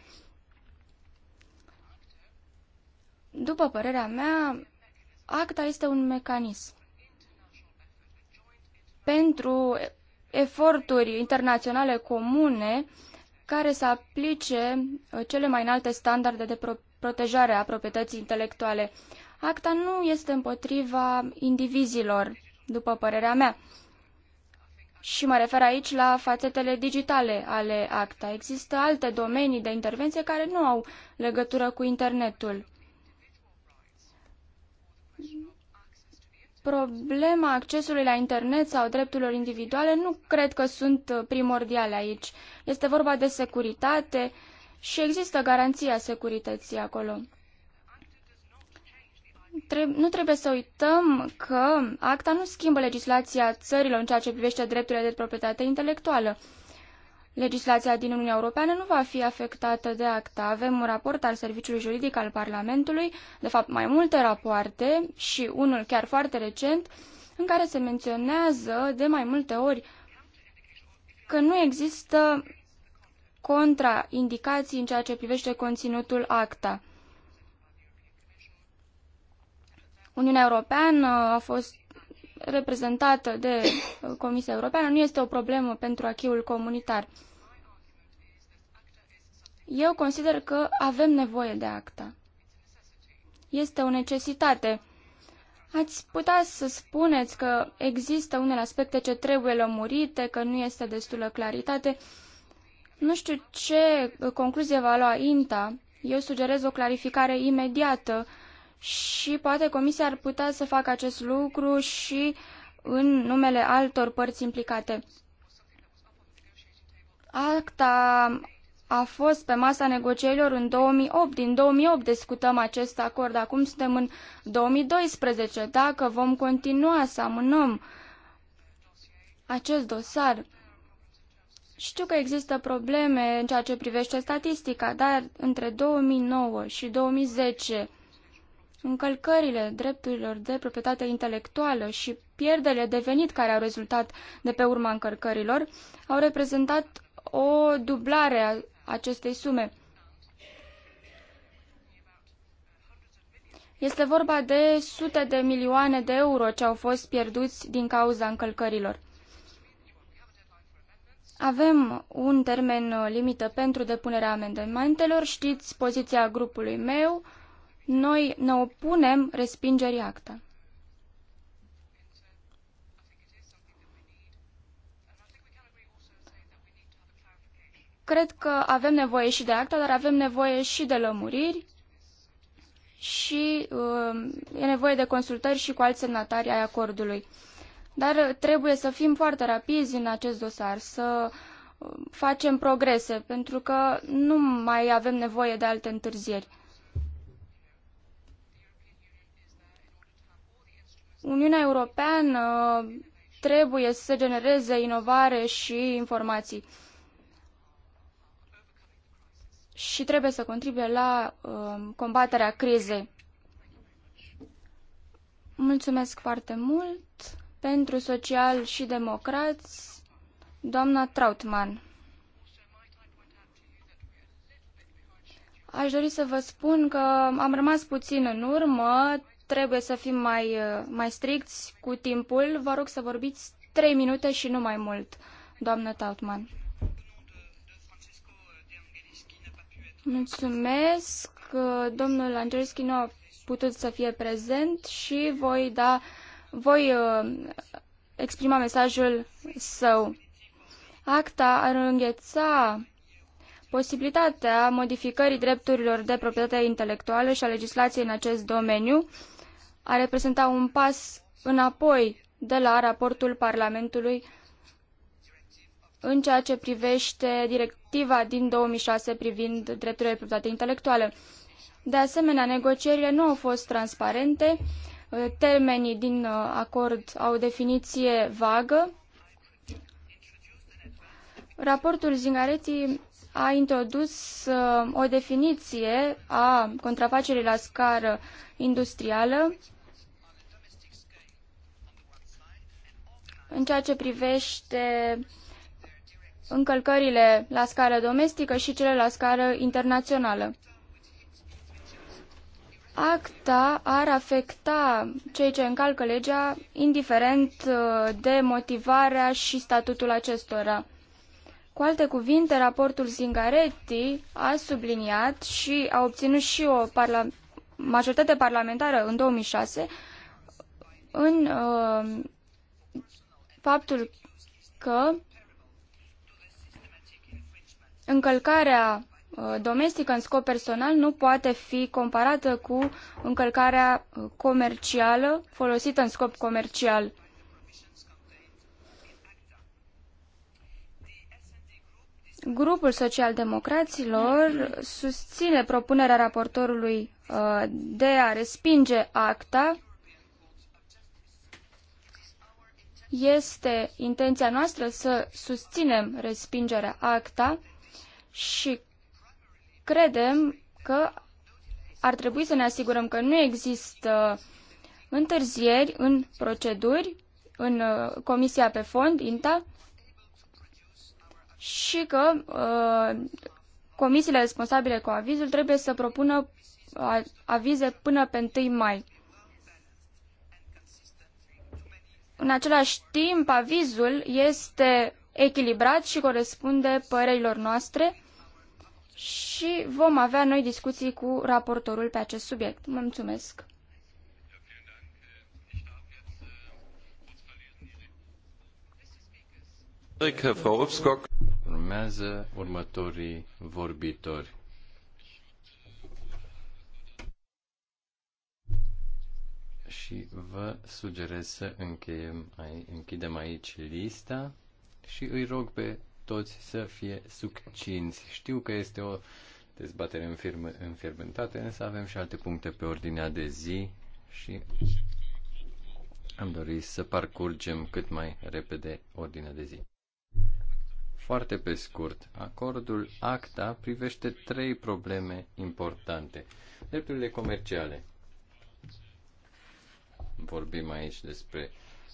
După părerea mea, acta este un mecanism pentru eforturi internaționale comune care să aplice uh, cele mai înalte standarde de protejare a proprietății intelectuale. Acta nu este împotriva indivizilor, după părerea mea. Și mă refer aici la fațetele digitale ale acta. Există alte domenii de intervenție care nu au legătură cu internetul. Problema accesului la internet sau drepturilor individuale nu cred că sunt uh, primordiale aici. Este vorba de securitate și există garanția securității acolo. Nu trebuie să uităm că acta nu schimbă legislația țărilor în ceea ce privește drepturile de proprietate intelectuală. Legislația din Uniunea Europeană nu va fi afectată de acta. Avem un raport al Serviciului Juridic al Parlamentului, de fapt mai multe rapoarte și unul chiar foarte recent, în care se menționează de mai multe ori că nu există contraindicații în ceea ce privește conținutul acta. Uniunea Europeană a fost reprezentată de [coughs] uh, Comisia Europeană nu este o problemă pentru achiul comunitar. Eu consider că avem nevoie de acta. Este o necesitate. Ați putea să spuneți că există unele aspecte ce trebuie lămurite, că nu este destulă claritate. Nu știu ce concluzie va lua INTA. Eu sugerez o clarificare imediată uh, și poate Comisia ar putea să facă acest lucru și în numele altor părți implicate. Acta a fost pe masa negocierilor în 2008. Din 2008 discutăm acest acord. Acum suntem în 2012. Dacă vom continua să amânăm acest dosar, știu că există probleme în ceea ce privește statistica, dar între 2009 și 2010 încălcările drepturilor de proprietate intelectuală și pierderile de venit care au rezultat de pe urma încălcărilor au reprezentat o dublare a acestei sume. Este vorba de sute de milioane de euro ce au fost pierduți din cauza încălcărilor. Avem un termen limită pentru depunerea amendamentelor. Știți poziția grupului meu noi ne opunem respingerii acta. Cred că avem nevoie și de acta, dar avem nevoie și de lămuriri și uh, e nevoie de consultări și cu alți semnatari ai acordului. Dar trebuie să fim foarte rapizi în acest dosar, să um, facem progrese, pentru că nu mai avem nevoie de alte întârzieri. Uniunea Europeană trebuie să genereze inovare și informații și trebuie să contribuie la uh, combaterea crizei. Mulțumesc foarte mult pentru social și democrați, doamna Trautmann. Aș dori să vă spun că am rămas puțin în urmă, trebuie să fim mai, uh, mai stricți cu timpul. Vă rog să vorbiți trei minute și nu mai mult, doamnă Tautman. Mulțumesc. Domnul Angelski nu a putut să fie prezent și voi da, voi uh, exprima mesajul său. Acta ar îngheța Posibilitatea modificării drepturilor de proprietate intelectuală și a legislației în acest domeniu a reprezenta un pas înapoi de la raportul Parlamentului în ceea ce privește directiva din 2006 privind drepturile de proprietate intelectuală. De asemenea, negocierile nu au fost transparente, termenii din uh, acord au o definiție vagă. Raportul Zingaretti a introdus uh, o definiție a contrafacerii la scară industrială în ceea ce privește încălcările la scară domestică și cele la scară internațională. Acta ar afecta cei ce încalcă legea, indiferent uh, de motivarea și statutul acestora. Cu alte cuvinte, raportul Zingaretti a subliniat și a obținut și o parla majoritate parlamentară în 2006 în uh, faptul că încălcarea uh, domestică în scop personal nu poate fi comparată cu încălcarea uh, comercială folosită în scop comercial. Grupul Social-Democraților susține propunerea raportorului uh, de a respinge acta. Este intenția noastră să susținem respingerea acta și credem că ar trebui să ne asigurăm că nu există întârzieri în proceduri în uh, Comisia pe Fond, INTA, și că uh, comisiile responsabile cu avizul trebuie să propună uh, avize până pe 1 mai. În același timp, avizul este echilibrat și corespunde părerilor noastre și vom avea noi discuții cu raportorul pe acest subiect. Mulțumesc! Frau Urmează următorii vorbitori. Și vă sugerez să încheiem, închidem aici lista și îi rog pe toți să fie succinți. Știu că este o dezbatere înfierbântată, însă avem și alte puncte pe ordinea de zi și am dorit să parcurgem cât mai repede ordinea de zi. Foarte pe scurt, acordul ACTA privește trei probleme importante. Drepturile comerciale. Vorbim aici despre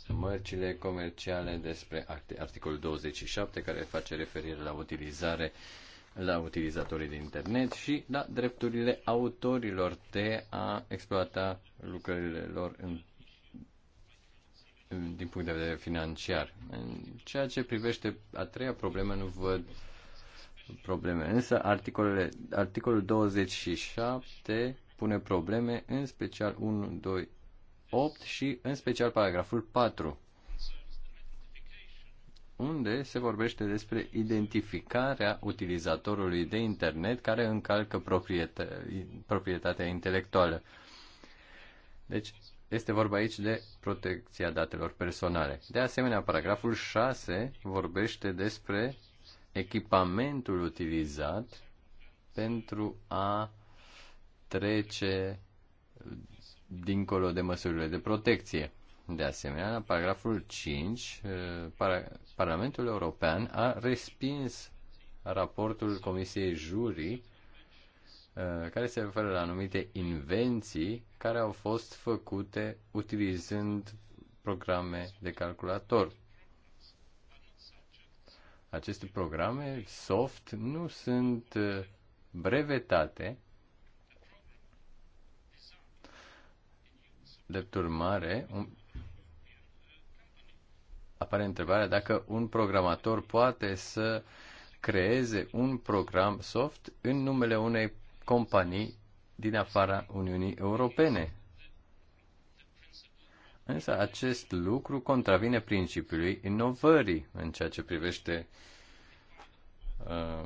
mărcile comerciale, despre articolul 27 care face referire la utilizare la utilizatorii de internet și la drepturile autorilor de a exploata lucrările lor în din punct de vedere financiar. În ceea ce privește a treia problemă, nu văd probleme. Însă articolele, articolul 27 pune probleme, în special 1, 2, 8 și în special paragraful 4, unde se vorbește despre identificarea utilizatorului de internet care încalcă proprietatea intelectuală. Deci, este vorba aici de protecția datelor personale. De asemenea, paragraful 6 vorbește despre echipamentul utilizat pentru a trece dincolo de măsurile de protecție. De asemenea, la paragraful 5, eh, Parlamentul European a respins raportul Comisiei Jurii Uh, care se referă la anumite invenții care au fost făcute utilizând programe de calculator. Aceste programe soft nu sunt uh, brevetate. Drept urmare, un... apare întrebarea dacă un programator poate să creeze un program soft în numele unei companii din afara Uniunii Europene. Însă acest lucru contravine principiului inovării în ceea ce privește uh,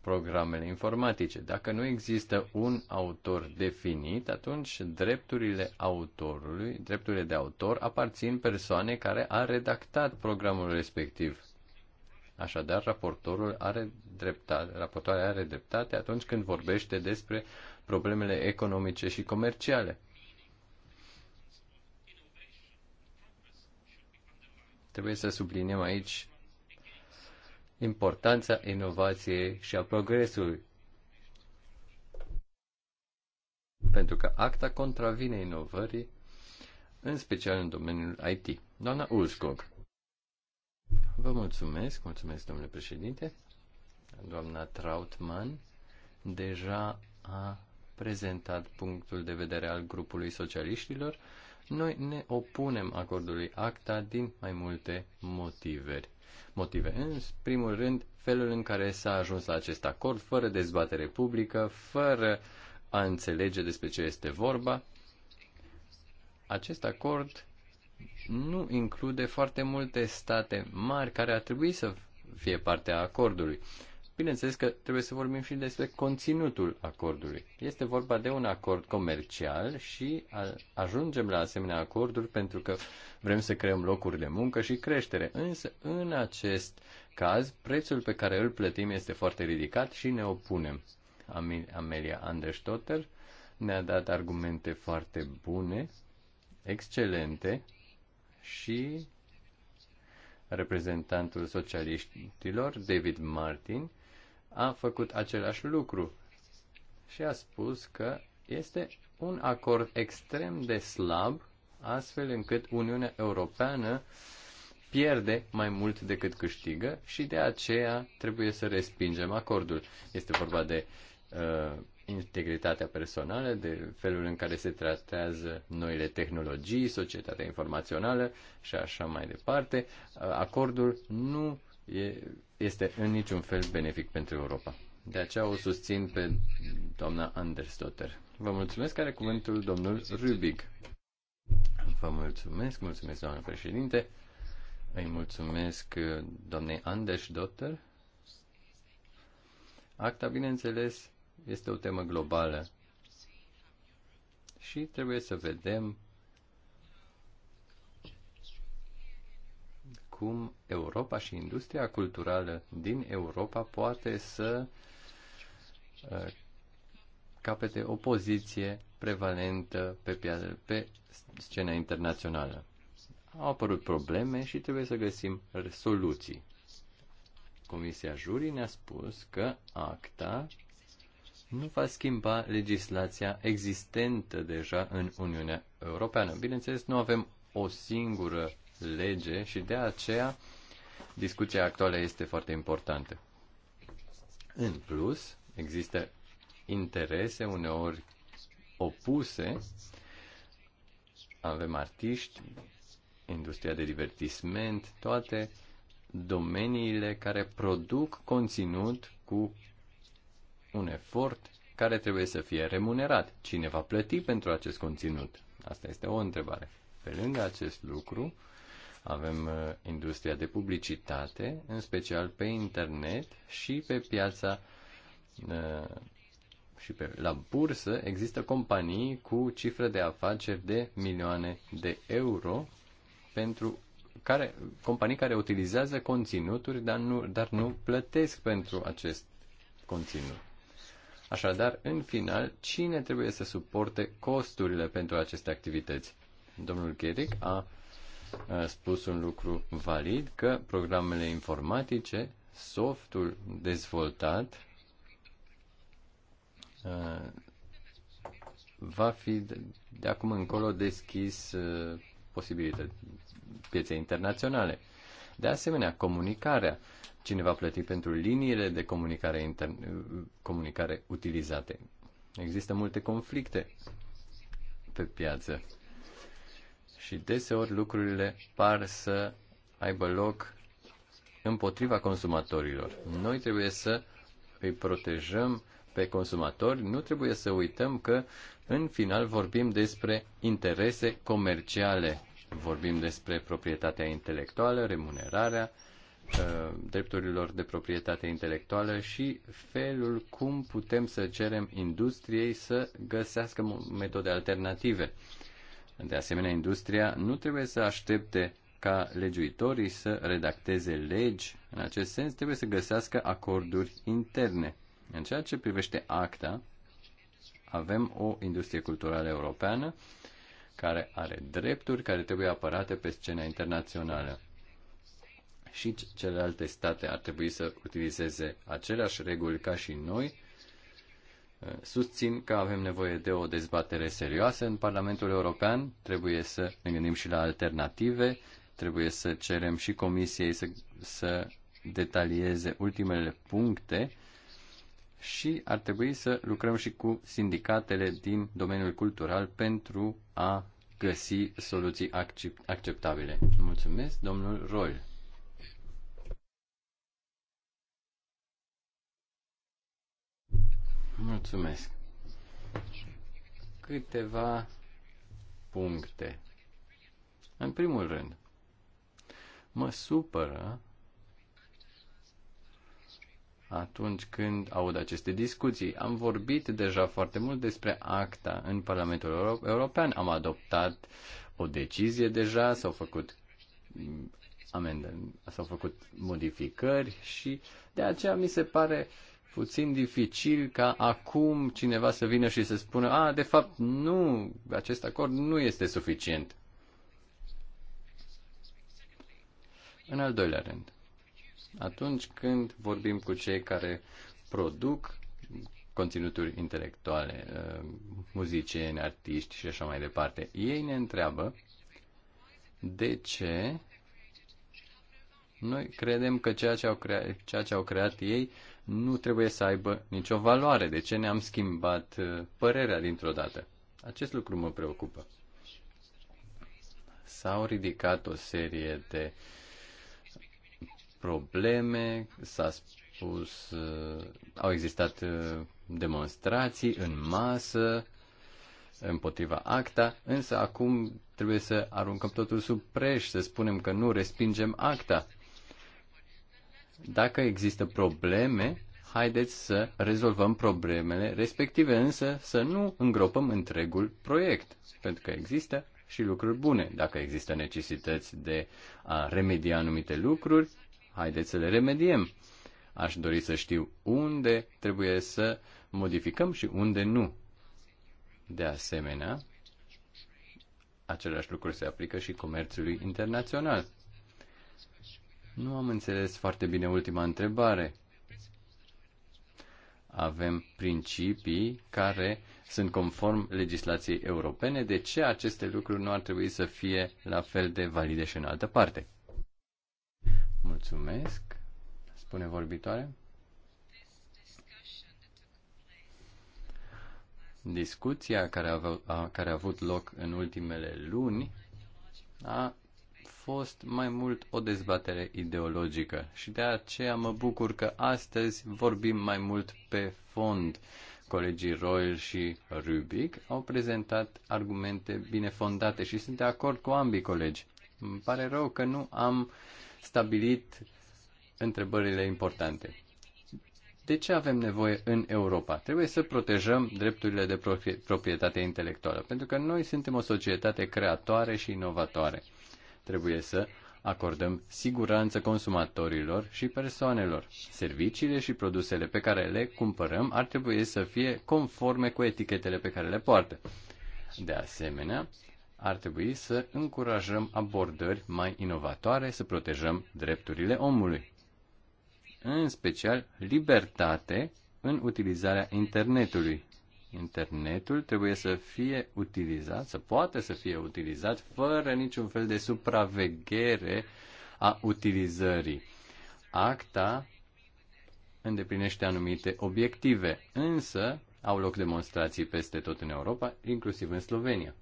programele informatice. Dacă nu există un autor definit, atunci drepturile autorului, drepturile de autor aparțin persoane care a redactat programul respectiv. Așadar, raportorul are dreptate, raportoarea are dreptate atunci când vorbește despre problemele economice și comerciale. Trebuie să subliniem aici importanța inovației și a progresului. Pentru că acta contravine inovării, în special în domeniul IT. Doamna Ulskog. Vă mulțumesc, mulțumesc, domnule președinte. Doamna Trautmann deja a prezentat punctul de vedere al grupului socialiștilor. Noi ne opunem acordului ACTA din mai multe motive. Motive. În primul rând, felul în care s-a ajuns la acest acord, fără dezbatere publică, fără a înțelege despre ce este vorba. Acest acord nu include foarte multe state mari care ar trebui să fie parte a acordului. Bineînțeles că trebuie să vorbim și despre conținutul acordului. Este vorba de un acord comercial și ajungem la asemenea acorduri pentru că vrem să creăm locuri de muncă și creștere. Însă, în acest caz, prețul pe care îl plătim este foarte ridicat și ne opunem. Amelia Anderstotter ne-a dat argumente foarte bune, excelente, și reprezentantul socialiștilor, David Martin, a făcut același lucru și a spus că este un acord extrem de slab, astfel încât Uniunea Europeană pierde mai mult decât câștigă și de aceea trebuie să respingem acordul. Este vorba de uh, integritatea personală, de felul în care se tratează noile tehnologii, societatea informațională și așa mai departe, acordul nu e, este în niciun fel benefic pentru Europa. De aceea o susțin pe doamna Anderstotter. Vă mulțumesc, care cuvântul domnul Rubic. Vă mulțumesc, mulțumesc doamna președinte. Îi mulțumesc doamnei Andersdotter. Acta, bineînțeles, este o temă globală și trebuie să vedem cum Europa și industria culturală din Europa poate să uh, capete o poziție prevalentă pe, pe scena internațională. Au apărut probleme și trebuie să găsim soluții. Comisia Jurii ne-a spus că acta nu va schimba legislația existentă deja în Uniunea Europeană. Bineînțeles, nu avem o singură lege și de aceea discuția actuală este foarte importantă. În plus, există interese uneori opuse. Avem artiști, industria de divertisment, toate domeniile care produc conținut cu un efort care trebuie să fie remunerat. Cine va plăti pentru acest conținut? Asta este o întrebare. Pe lângă acest lucru, avem uh, industria de publicitate, în special pe internet și pe piața uh, și pe, la bursă există companii cu cifră de afaceri de milioane de euro pentru care, companii care utilizează conținuturi, dar nu, dar nu plătesc pentru acest conținut. Așadar, în final, cine trebuie să suporte costurile pentru aceste activități? Domnul Gheric a spus un lucru valid, că programele informatice, softul dezvoltat, va fi de acum încolo deschis posibilități pieței internaționale. De asemenea, comunicarea Cine va plăti pentru liniile de comunicare, intern, comunicare utilizate? Există multe conflicte pe piață și deseori lucrurile par să aibă loc împotriva consumatorilor. Noi trebuie să îi protejăm pe consumatori, nu trebuie să uităm că în final vorbim despre interese comerciale, vorbim despre proprietatea intelectuală, remunerarea Uh, drepturilor de proprietate intelectuală și felul cum putem să cerem industriei să găsească metode alternative. De asemenea, industria nu trebuie să aștepte ca legiuitorii să redacteze legi. În acest sens, trebuie să găsească acorduri interne. În ceea ce privește acta, avem o industrie culturală europeană care are drepturi care trebuie apărate pe scena internațională și celelalte state ar trebui să utilizeze aceleași reguli ca și noi. Susțin că avem nevoie de o dezbatere serioasă în Parlamentul European, trebuie să ne gândim și la alternative, trebuie să cerem și Comisiei să, să detalieze ultimele puncte și ar trebui să lucrăm și cu sindicatele din domeniul cultural pentru a găsi soluții acceptabile. Mulțumesc, domnul Roy. Mulțumesc. Câteva puncte. În primul rând, mă supără atunci când aud aceste discuții. Am vorbit deja foarte mult despre acta în Parlamentul European. Am adoptat o decizie deja, s-au făcut amende, s-au făcut modificări și de aceea mi se pare puțin dificil ca acum cineva să vină și să spună, a, de fapt, nu, acest acord nu este suficient. În al doilea rând, atunci când vorbim cu cei care produc conținuturi intelectuale, uh, muzicieni, artiști și așa mai departe, ei ne întreabă de ce noi credem că ceea ce au creat, ceea ce au creat ei nu trebuie să aibă nicio valoare. De ce ne-am schimbat uh, părerea dintr-o dată? Acest lucru mă preocupă. S-au ridicat o serie de probleme, s-a spus, uh, au existat uh, demonstrații în masă împotriva acta, însă acum trebuie să aruncăm totul sub preș, să spunem că nu respingem acta. Dacă există probleme, haideți să rezolvăm problemele respective, însă să nu îngropăm întregul proiect, pentru că există și lucruri bune. Dacă există necesități de a remedia anumite lucruri, haideți să le remediem. Aș dori să știu unde trebuie să modificăm și unde nu. De asemenea, același lucru se aplică și comerțului internațional. Nu am înțeles foarte bine ultima întrebare. Avem principii care sunt conform legislației europene, de ce aceste lucruri nu ar trebui să fie la fel de valide și în altă parte? Mulțumesc, spune vorbitoare. Discuția care a, care a avut loc în ultimele luni a fost mai mult o dezbatere ideologică și de aceea mă bucur că astăzi vorbim mai mult pe fond. Colegii Royal și Rubic au prezentat argumente bine fondate și sunt de acord cu ambii colegi. Îmi pare rău că nu am stabilit întrebările importante. De ce avem nevoie în Europa? Trebuie să protejăm drepturile de proprietate intelectuală, pentru că noi suntem o societate creatoare și inovatoare. Trebuie să acordăm siguranță consumatorilor și persoanelor. Serviciile și produsele pe care le cumpărăm ar trebui să fie conforme cu etichetele pe care le poartă. De asemenea, ar trebui să încurajăm abordări mai inovatoare, să protejăm drepturile omului, în special libertate în utilizarea internetului internetul trebuie să fie utilizat, să poată să fie utilizat fără niciun fel de supraveghere a utilizării. Acta îndeplinește anumite obiective, însă au loc demonstrații peste tot în Europa, inclusiv în Slovenia.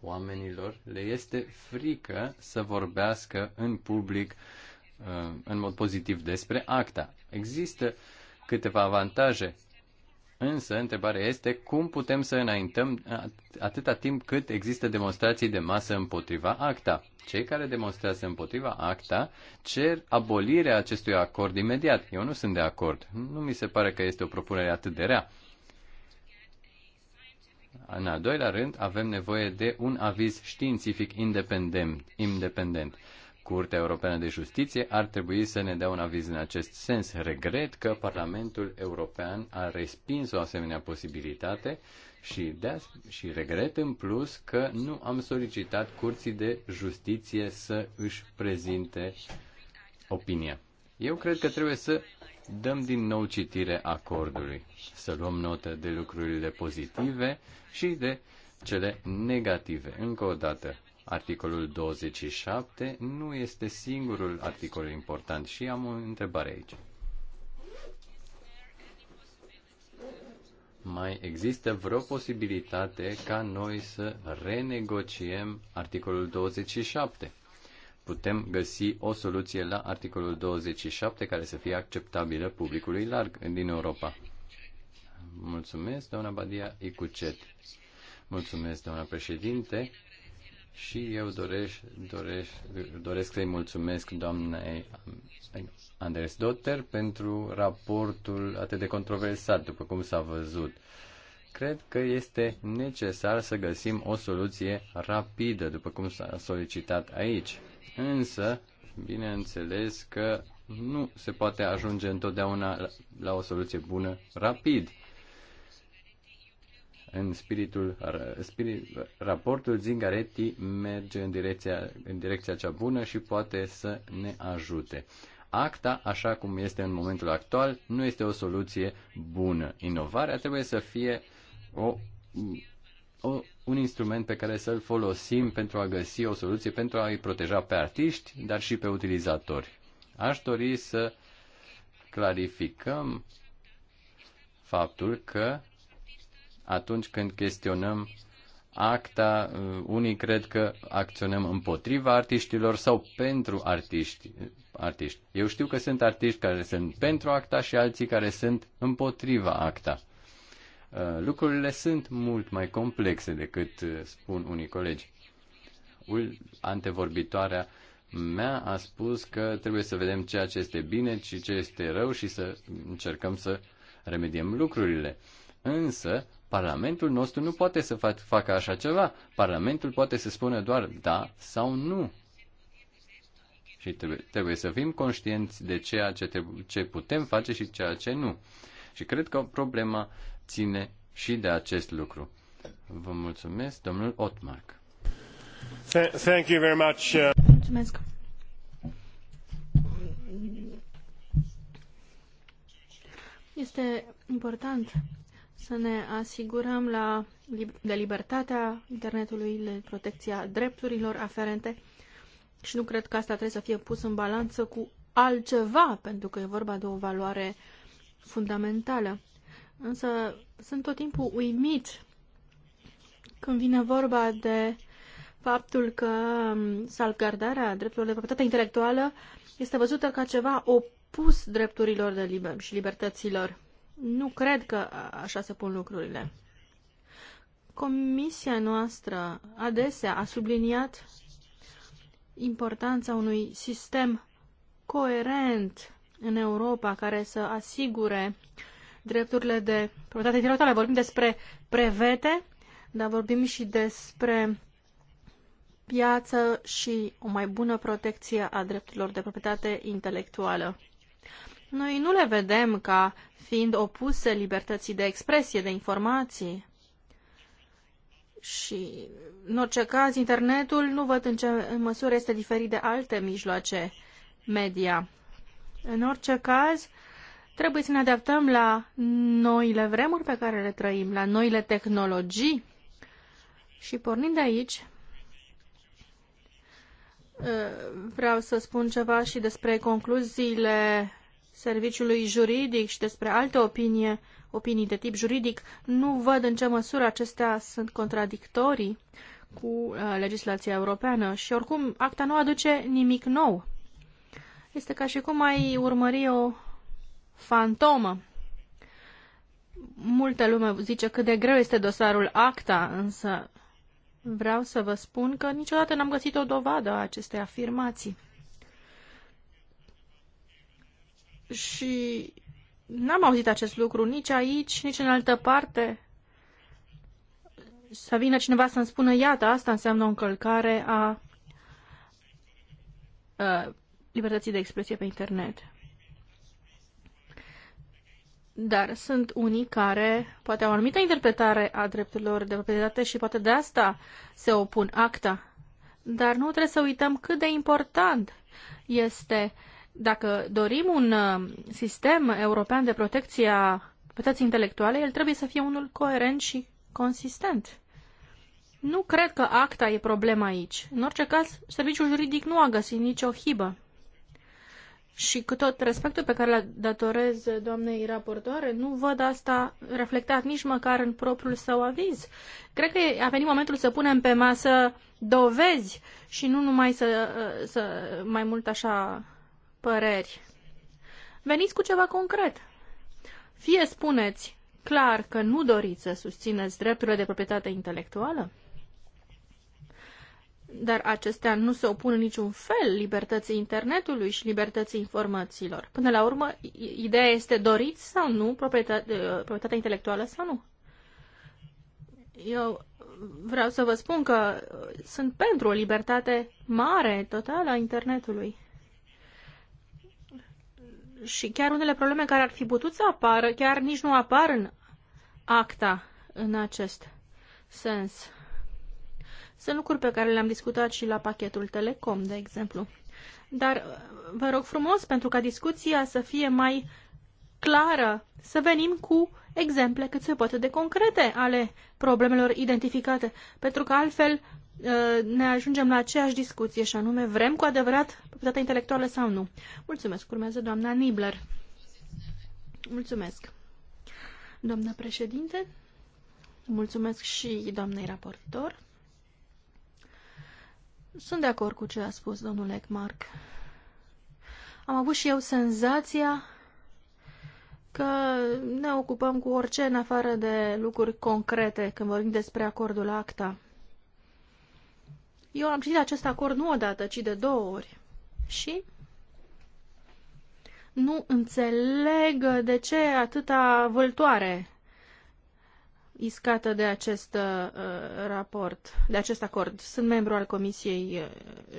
Oamenilor le este frică să vorbească în public uh, în mod pozitiv despre acta. Există câteva avantaje Însă, întrebarea este cum putem să înaintăm atâta timp cât există demonstrații de masă împotriva ACTA. Cei care demonstrează împotriva ACTA cer abolirea acestui acord imediat. Eu nu sunt de acord. Nu mi se pare că este o propunere atât de rea. În al doilea rând, avem nevoie de un aviz științific independent. independent. Curtea Europeană de Justiție ar trebui să ne dea un aviz în acest sens. Regret că Parlamentul European a respins o asemenea posibilitate și, de și regret în plus că nu am solicitat Curții de Justiție să își prezinte opinia. Eu cred că trebuie să dăm din nou citire acordului, să luăm notă de lucrurile pozitive și de cele negative. Încă o dată, Articolul 27 nu este singurul articol important și am o întrebare aici. Mai există vreo posibilitate ca noi să renegociem articolul 27? Putem găsi o soluție la articolul 27 care să fie acceptabilă publicului larg din Europa. Mulțumesc, doamna Badia Icucet. Mulțumesc, doamna președinte. Și eu doresc, doresc, doresc să-i mulțumesc doamnei Andres Dotter pentru raportul atât de controversat, după cum s-a văzut. Cred că este necesar să găsim o soluție rapidă, după cum s-a solicitat aici. Însă, bineînțeles că nu se poate ajunge întotdeauna la o soluție bună rapid în spiritul, spirit, raportul Zingaretti merge în direcția, în direcția cea bună și poate să ne ajute. Acta, așa cum este în momentul actual, nu este o soluție bună. Inovarea trebuie să fie o, o, un instrument pe care să-l folosim pentru a găsi o soluție, pentru a-i proteja pe artiști, dar și pe utilizatori. Aș dori să clarificăm faptul că atunci când chestionăm acta, uh, unii cred că acționăm împotriva artiștilor sau pentru artiști. artiști. Eu știu că sunt artiști care sunt pentru acta și alții care sunt împotriva acta. Uh, lucrurile sunt mult mai complexe decât uh, spun unii colegi. Antevorbitoarea mea a spus că trebuie să vedem ceea ce este bine și ce este rău și să încercăm să remediem lucrurile. Însă, Parlamentul nostru nu poate să facă așa ceva. Parlamentul poate să spună doar da sau nu. Și trebuie, trebuie să fim conștienți de ceea ce, trebuie, ce putem face și ceea ce nu. Și cred că problema ține și de acest lucru. Vă mulțumesc, domnul Otmark. Thank you very much. Uh, mulțumesc. Este important să ne asigurăm la, de libertatea internetului, de protecția drepturilor aferente și nu cred că asta trebuie să fie pus în balanță cu altceva, pentru că e vorba de o valoare fundamentală. Însă sunt tot timpul uimit când vine vorba de faptul că um, salgardarea drepturilor de proprietate intelectuală este văzută ca ceva opus drepturilor de liber și libertăților nu cred că așa se pun lucrurile. Comisia noastră adesea a subliniat importanța unui sistem coerent în Europa care să asigure drepturile de proprietate intelectuală. Vorbim despre prevete, dar vorbim și despre piață și o mai bună protecție a drepturilor de proprietate intelectuală. Noi nu le vedem ca fiind opuse libertății de expresie, de informații. Și, în orice caz, internetul nu văd în ce măsură este diferit de alte mijloace media. În orice caz, trebuie să ne adaptăm la noile vremuri pe care le trăim, la noile tehnologii. Și pornind de aici, eh, vreau să spun ceva și despre concluziile serviciului juridic și despre alte opinie, opinii de tip juridic, nu văd în ce măsură acestea sunt contradictorii cu uh, legislația europeană și oricum acta nu aduce nimic nou. Este ca și cum ai urmări o fantomă. Multă lume zice cât de greu este dosarul acta, însă vreau să vă spun că niciodată n-am găsit o dovadă a acestei afirmații. Și n-am auzit acest lucru nici aici, nici în altă parte. Să vină cineva să-mi spună, iată, asta înseamnă o încălcare a, a libertății de expresie pe internet. Dar sunt unii care poate au o anumită interpretare a drepturilor de proprietate și poate de asta se opun acta. Dar nu trebuie să uităm cât de important este uh, dacă dorim un uh, sistem european de protecție a proprietății intelectuale, el trebuie să fie unul coerent și consistent. Nu cred că acta e problema aici. În orice caz, serviciul juridic nu a găsit nicio hibă. Și cu tot respectul pe care l datorez doamnei raportoare, nu văd asta reflectat nici măcar în propriul său aviz. Cred că a venit momentul să punem pe masă dovezi și nu numai să, să mai mult așa păreri. Veniți cu ceva concret. Fie spuneți clar că nu doriți să susțineți drepturile de proprietate intelectuală, dar acestea nu se opun în niciun fel libertății internetului și libertății informațiilor. Până la urmă, ideea este doriți sau nu proprietate, proprietatea intelectuală sau nu. Eu vreau să vă spun că sunt pentru o libertate mare, totală a internetului și chiar unele probleme care ar fi putut să apară, chiar nici nu apar în acta în acest sens. Sunt lucruri pe care le-am discutat și la pachetul Telecom, de exemplu. Dar uh, vă rog frumos, pentru ca discuția să fie mai clară, să venim cu exemple cât se poate de concrete ale problemelor identificate, pentru că altfel Uh, ne ajungem la aceeași discuție și anume vrem cu adevărat proprietatea intelectuală sau nu. Mulțumesc. Urmează doamna Nibler. Mulțumesc. Doamna președinte, mulțumesc și doamnei raportor. Sunt de acord cu ce a spus domnul Eckmark. Am avut și eu senzația că ne ocupăm cu orice în afară de lucruri concrete când vorbim despre acordul ACTA. Eu am citit acest acord nu odată, ci de două ori. Și nu înțeleg de ce atâta vâltoare iscată de acest uh, raport, de acest acord. Sunt membru al Comisiei uh,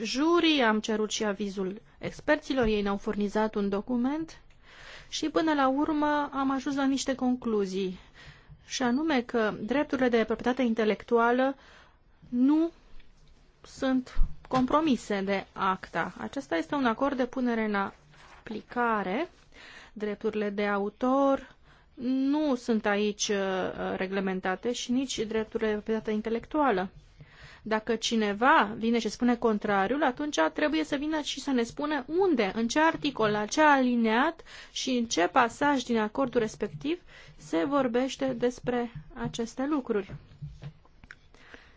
Jurii, am cerut și avizul experților, ei ne-au furnizat un document și până la urmă am ajuns la niște concluzii, și anume că drepturile de proprietate intelectuală nu sunt compromise de acta. Acesta este un acord de punere în aplicare. Drepturile de autor nu sunt aici uh, reglementate și nici drepturile de proprietate intelectuală. Dacă cineva vine și spune contrariul, atunci trebuie să vină și să ne spună unde, în ce articol, la ce alineat și în ce pasaj din acordul respectiv se vorbește despre aceste lucruri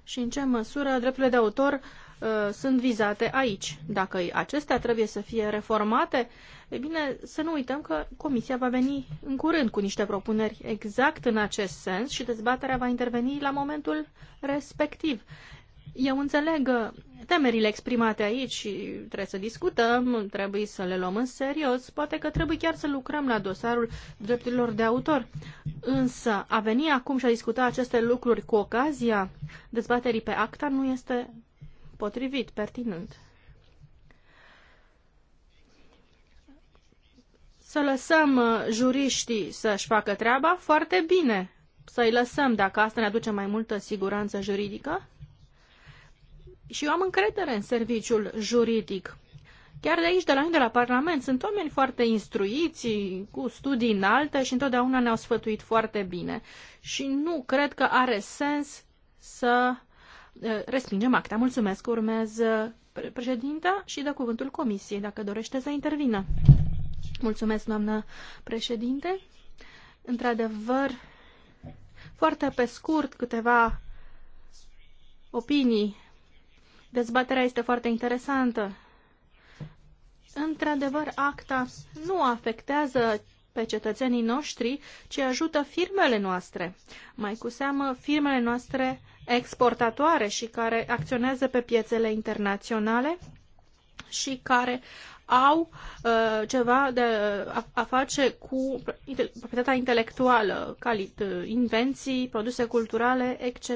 și în ce măsură drepturile de autor uh, sunt vizate aici. Dacă acestea trebuie să fie reformate, e bine să nu uităm că Comisia va veni în curând cu niște propuneri exact în acest sens și dezbaterea va interveni la momentul respectiv. Eu înțeleg uh, temerile exprimate aici și trebuie să discutăm, trebuie să le luăm în serios, poate că trebuie chiar să lucrăm la dosarul drepturilor de autor. Însă a veni acum și a discuta aceste lucruri cu ocazia dezbaterii pe acta nu este potrivit, pertinent. Să lăsăm uh, juriștii să-și facă treaba foarte bine. Să-i lăsăm dacă asta ne aduce mai multă siguranță juridică, și eu am încredere în serviciul juridic. Chiar de aici, de la noi, de la Parlament, sunt oameni foarte instruiți, cu studii înalte și întotdeauna ne-au sfătuit foarte bine. Și nu cred că are sens să respingem acta. Mulțumesc, urmez președinta și dă cuvântul comisiei, dacă dorește să intervină. Mulțumesc, doamnă președinte. Într-adevăr, foarte pe scurt, câteva opinii Dezbaterea este foarte interesantă. Într-adevăr, acta nu afectează pe cetățenii noștri, ci ajută firmele noastre, mai cu seamă firmele noastre exportatoare și care acționează pe piețele internaționale și care au uh, ceva de uh, a, a face cu proprietatea intelectuală, calit, uh, invenții, produse culturale, etc.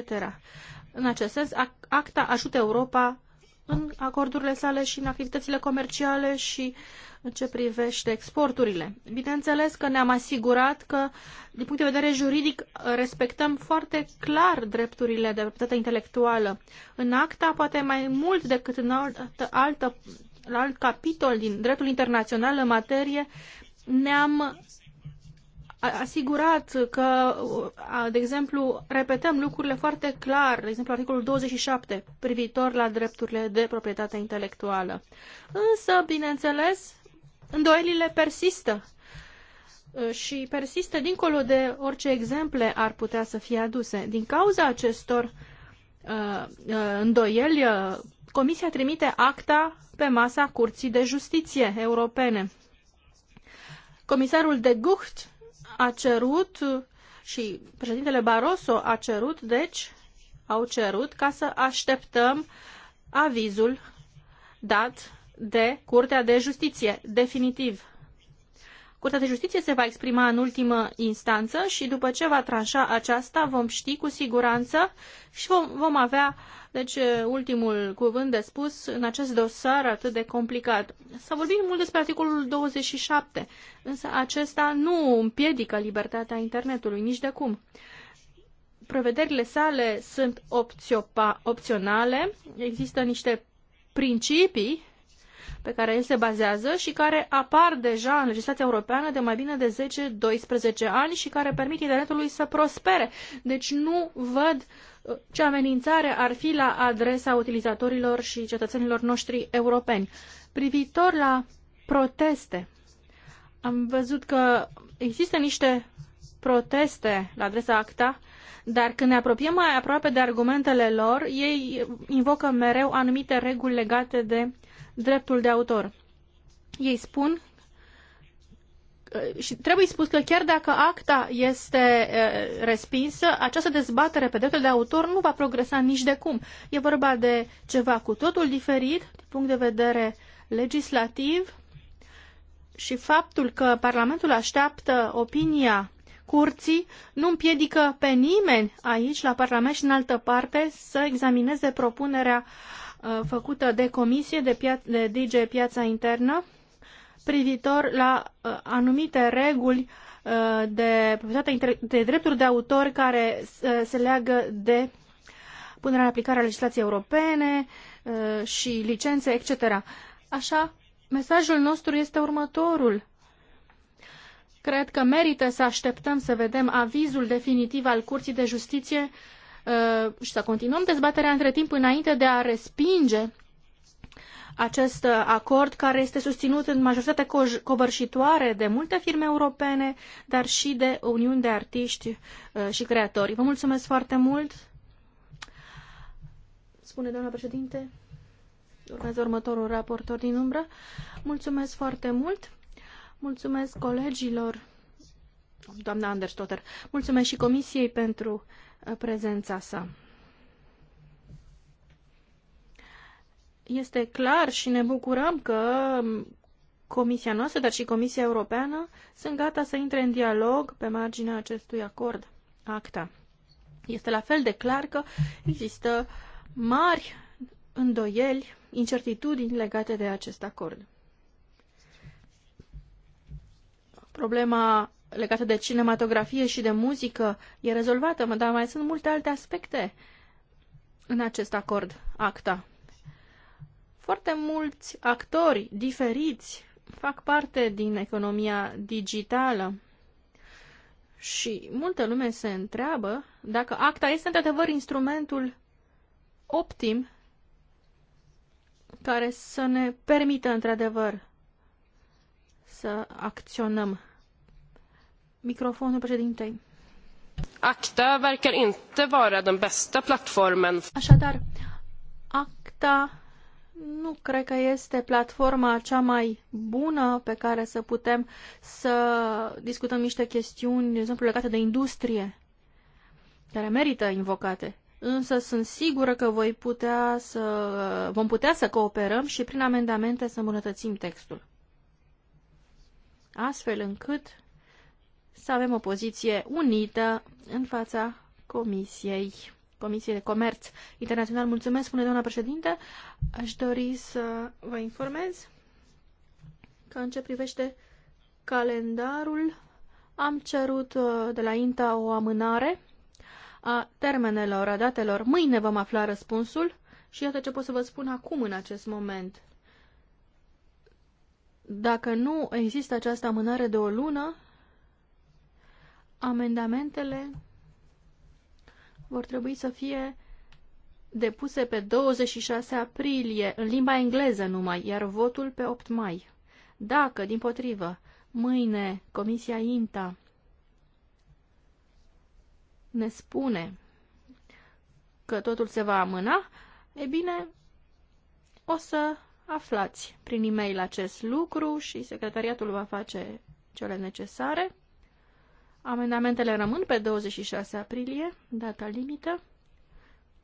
În acest sens, ACTA ajută Europa în acordurile sale și în activitățile comerciale și în ce privește exporturile. Bineînțeles că ne-am asigurat că, din punct de vedere juridic, respectăm foarte clar drepturile de proprietate intelectuală. În acta, poate mai mult decât în altă, altă, alt capitol din dreptul internațional în materie, ne-am asigurat că, de exemplu, repetăm lucrurile foarte clar, de exemplu articolul 27 privitor la drepturile de proprietate intelectuală. Însă, bineînțeles, îndoielile persistă și persistă dincolo de orice exemple ar putea să fie aduse. Din cauza acestor îndoieli, Comisia trimite acta pe masa Curții de Justiție Europene. Comisarul de Gucht a cerut și președintele Barroso a cerut, deci, au cerut ca să așteptăm avizul dat de Curtea de Justiție, definitiv. Curtea de Justiție se va exprima în ultimă instanță și după ce va tranșa aceasta vom ști cu siguranță și vom, vom avea uh, deci, ultimul cuvânt de spus în acest dosar atât de complicat. S-a vorbit mult despre articolul 27, însă acesta nu împiedică libertatea internetului nici de cum. Prevederile sale sunt opționale, există niște principii pe care el se bazează și care apar deja în legislația europeană de mai bine de 10-12 ani și care permit internetului să prospere. Deci nu văd uh, ce amenințare ar fi la adresa utilizatorilor și cetățenilor noștri europeni. Privitor la proteste, am văzut că există niște proteste la adresa ACTA, dar când ne apropiem mai aproape de argumentele lor, ei invocă mereu anumite reguli legate de dreptul de autor. Ei spun și trebuie spus că chiar dacă acta este respinsă, această dezbatere pe dreptul de autor nu va progresa nici de cum. E vorba de ceva cu totul diferit din punct de vedere legislativ și faptul că Parlamentul așteaptă opinia curții nu împiedică pe nimeni aici, la Parlament și în altă parte, să examineze propunerea uh, Uh, făcută de comisie de, pia- de DG Piața Internă privitor la uh, anumite reguli uh, de proprietate de drepturi de autor care se leagă de punerea în aplicare a legislației europene și licențe, etc. Așa, mesajul nostru este următorul. Cred că merită să așteptăm să vedem avizul definitiv al Curții de Justiție uh, Uh, și să continuăm dezbaterea între timp înainte de a respinge acest uh, acord care este susținut în majoritate covârșitoare de multe firme europene, dar și de Uniuni de Artiști uh, și Creatori. Vă mulțumesc foarte mult! Spune doamna președinte, urmează următorul raportor din umbră. Mulțumesc foarte mult! Mulțumesc colegilor, doamna Anderstotter, mulțumesc și comisiei pentru prezența sa. Este clar și ne bucurăm că Comisia noastră, dar și Comisia Europeană sunt gata să intre în dialog pe marginea acestui acord, ACTA. Este la fel de clar că există mari îndoieli, incertitudini legate de acest acord. Problema legată de cinematografie și de muzică e rezolvată, dar mai sunt multe alte aspecte în acest acord ACTA. Foarte mulți actori diferiți fac parte din economia digitală și multă lume se întreabă dacă acta este într-adevăr instrumentul optim care să ne permită într-adevăr să acționăm. Microfonul președintei. ACTA verkar inte vara den bästa plattformen. Așadar, ACTA nu cred că este platforma cea mai bună pe care să putem să discutăm niște chestiuni, de exemplu, legate de industrie, care merită invocate. Însă sunt sigură că voi putea să, vom putea să cooperăm și prin amendamente să îmbunătățim textul. Astfel încât să avem o poziție unită în fața Comisiei, Comisiei de Comerț Internațional. Mulțumesc, spune doamna președinte. Aș dori să vă informez că în ce privește calendarul am cerut uh, de la INTA o amânare a termenelor, a datelor. Mâine vom afla răspunsul și iată ce pot să vă spun acum în acest moment. Dacă nu există această amânare de o lună, Amendamentele vor trebui să fie depuse pe 26 aprilie, în limba engleză numai, iar votul pe 8 mai. Dacă, din potrivă, mâine Comisia INTA ne spune că totul se va amâna, e bine, o să aflați prin e-mail acest lucru și secretariatul va face cele necesare. Amendamentele rămân pe 26 aprilie, data limită,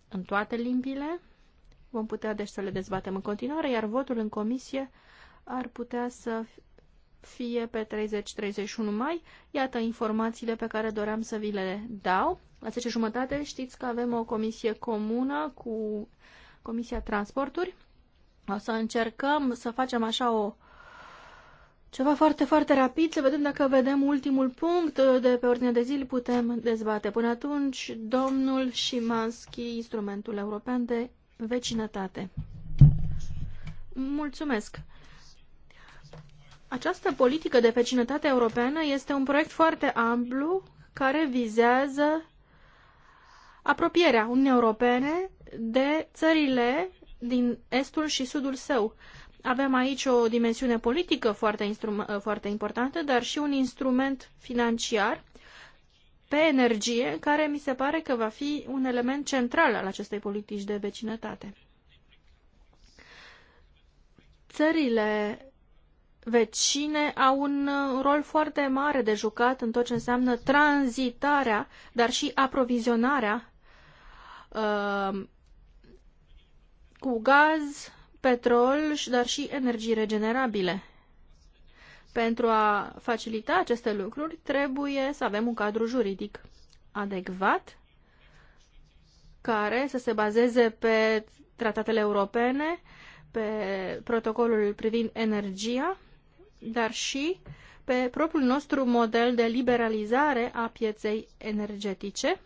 în toate limbile. Vom putea deci să le dezbatem în continuare, iar votul în comisie ar putea să fie pe 30-31 mai. Iată informațiile pe care doream să vi le dau. La 10 jumătate știți că avem o comisie comună cu Comisia Transporturi. O să încercăm să facem așa o ceva foarte, foarte rapid, să vedem dacă vedem ultimul punct uh, de pe ordine de zi, putem dezbate. Până atunci, domnul Șimanski, instrumentul european de vecinătate. Mulțumesc! Această politică de vecinătate europeană este un proiect foarte amplu care vizează apropierea Uniunii Europene de țările din estul și sudul său. Avem aici o dimensiune politică foarte, ă, foarte importantă, dar și un instrument financiar pe energie, care mi se pare că va fi un element central al acestei politici de vecinătate. Țările vecine au un ă, rol foarte mare de jucat în tot ce înseamnă tranzitarea, dar și aprovizionarea uh, cu gaz, petrol, dar și energii regenerabile. Pentru a facilita aceste lucruri, trebuie să avem un cadru juridic adecvat care să se bazeze pe tratatele europene, pe protocolul privind energia, dar și pe propriul nostru model de liberalizare a pieței energetice.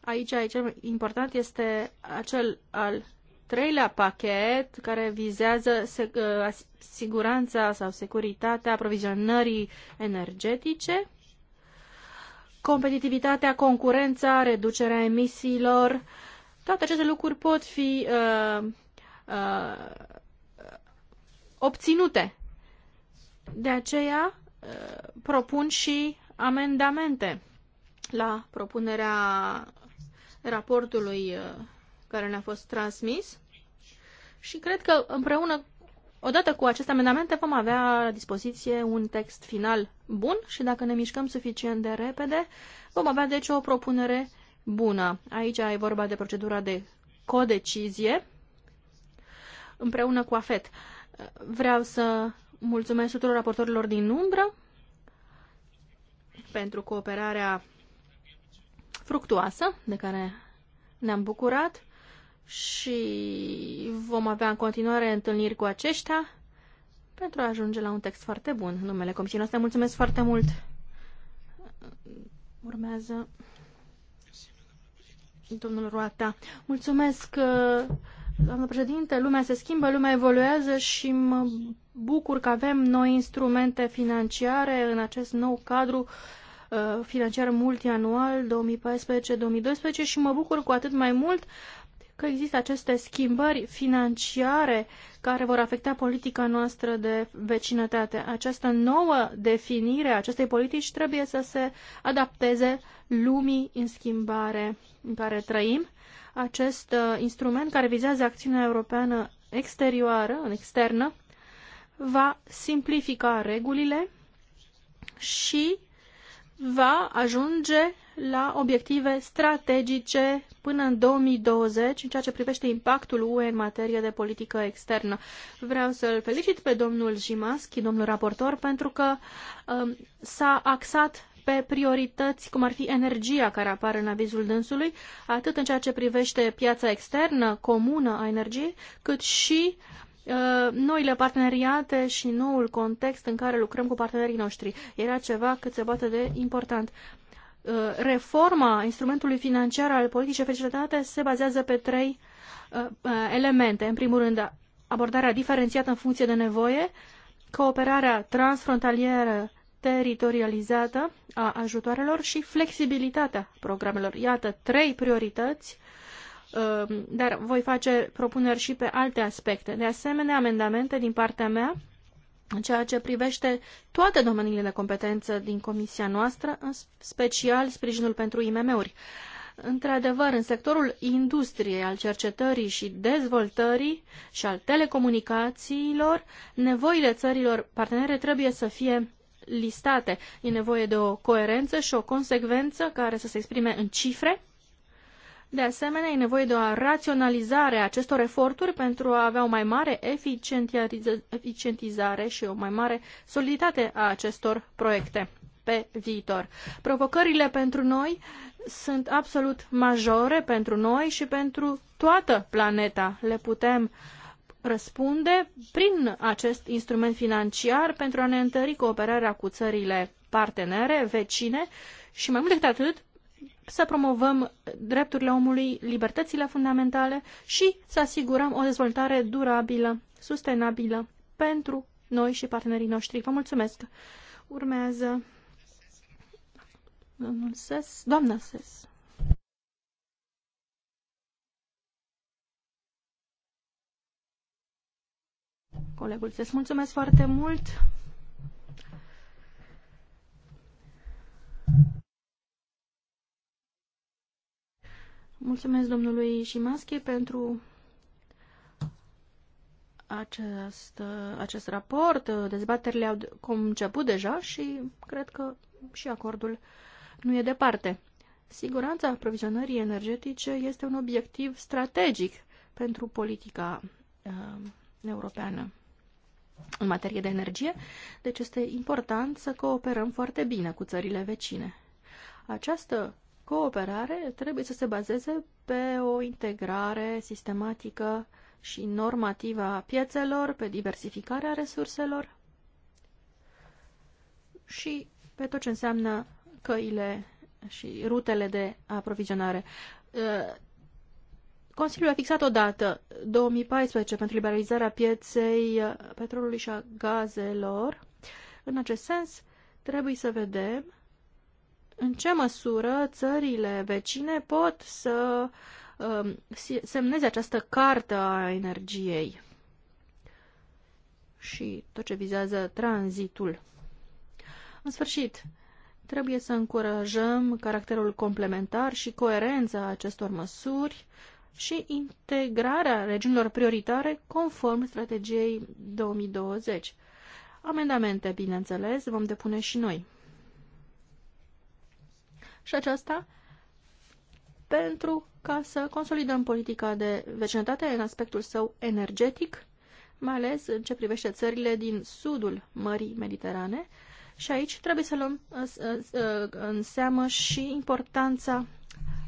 Aici, aici important este acel al treilea pachet care vizează ă, siguranța sau securitatea aprovizionării energetice, competitivitatea, concurența, reducerea emisiilor, toate aceste lucruri pot fi uh, uh, obținute. De aceea uh, propun și amendamente la propunerea raportului uh, care ne-a fost transmis și cred că împreună, odată cu aceste amendamente, vom avea la dispoziție un text final bun și dacă ne mișcăm suficient de repede, vom avea deci o propunere bună. Aici e vorba de procedura de codecizie împreună cu AFET. Vreau să mulțumesc tuturor raportorilor din umbră pentru cooperarea fructuoasă de care ne-am bucurat și vom avea în continuare întâlniri cu aceștia pentru a ajunge la un text foarte bun. Numele comisiei noastre, mulțumesc foarte mult! Urmează domnul Roata. Mulțumesc, uh, doamnă președinte, lumea se schimbă, lumea evoluează și mă bucur că avem noi instrumente financiare în acest nou cadru uh, financiar multianual 2014-2012 și mă bucur cu atât mai mult că există aceste schimbări financiare care vor afecta politica noastră de vecinătate. Această nouă definire a acestei politici trebuie să se adapteze lumii în schimbare în care trăim. Acest uh, instrument care vizează acțiunea europeană exterioară, în externă, va simplifica regulile și va ajunge la obiective strategice până în 2020 în ceea ce privește impactul UE în materie de politică externă. Vreau să-l felicit pe domnul Jimaschi, domnul raportor, pentru că um, s-a axat pe priorități, cum ar fi energia care apare în avizul dânsului, atât în ceea ce privește piața externă comună a energiei, cât și uh, noile parteneriate și noul context în care lucrăm cu partenerii noștri. Era ceva cât se poate de important. Uh, reforma instrumentului financiar al politicii facilitate se bazează pe trei uh, uh, elemente. În primul rând, abordarea diferențiată în funcție de nevoie, cooperarea transfrontalieră teritorializată a ajutoarelor și flexibilitatea programelor. Iată trei priorități, dar voi face propuneri și pe alte aspecte. De asemenea, amendamente din partea mea în ceea ce privește toate domeniile de competență din comisia noastră, în special sprijinul pentru IMM-uri. Într-adevăr, în sectorul industriei, al cercetării și dezvoltării și al telecomunicațiilor, nevoile țărilor partenere trebuie să fie listate. E nevoie de o coerență și o consecvență care să se exprime în cifre de asemenea, e nevoie de o raționalizare a acestor eforturi pentru a avea o mai mare eficientizare și o mai mare soliditate a acestor proiecte pe viitor. Provocările pentru noi sunt absolut majore pentru noi și pentru toată planeta. Le putem răspunde prin acest instrument financiar pentru a ne întări cooperarea cu țările partenere, vecine și mai mult decât atât să promovăm drepturile omului, libertățile fundamentale și să asigurăm o dezvoltare durabilă, sustenabilă pentru noi și partenerii noștri. Vă mulțumesc! Urmează domnul Ses, doamna Ses. Colegul Ses, mulțumesc foarte mult! Mulțumesc domnului Șimaschi pentru acest, acest raport. Dezbaterile au început deja și cred că și acordul nu e departe. Siguranța aprovizionării energetice este un obiectiv strategic pentru politica uh, europeană în materie de energie, deci este important să cooperăm foarte bine cu țările vecine. Această Cooperare trebuie să se bazeze pe o integrare sistematică și normativă a piețelor, pe diversificarea resurselor și pe tot ce înseamnă căile și rutele de aprovizionare. Uh, Consiliul a fixat o dată, 2014, pentru liberalizarea pieței uh, petrolului și a gazelor. În acest sens, trebuie să vedem în ce măsură țările vecine pot să um, semneze această cartă a energiei și tot ce vizează tranzitul. În sfârșit, trebuie să încurajăm caracterul complementar și coerența acestor măsuri și integrarea regiunilor prioritare conform strategiei 2020. Amendamente, bineînțeles, vom depune și noi și aceasta pentru ca să consolidăm politica de vecinătate în aspectul său energetic, mai ales în ce privește țările din sudul Mării Mediterane. Și aici trebuie să luăm în seamă și importanța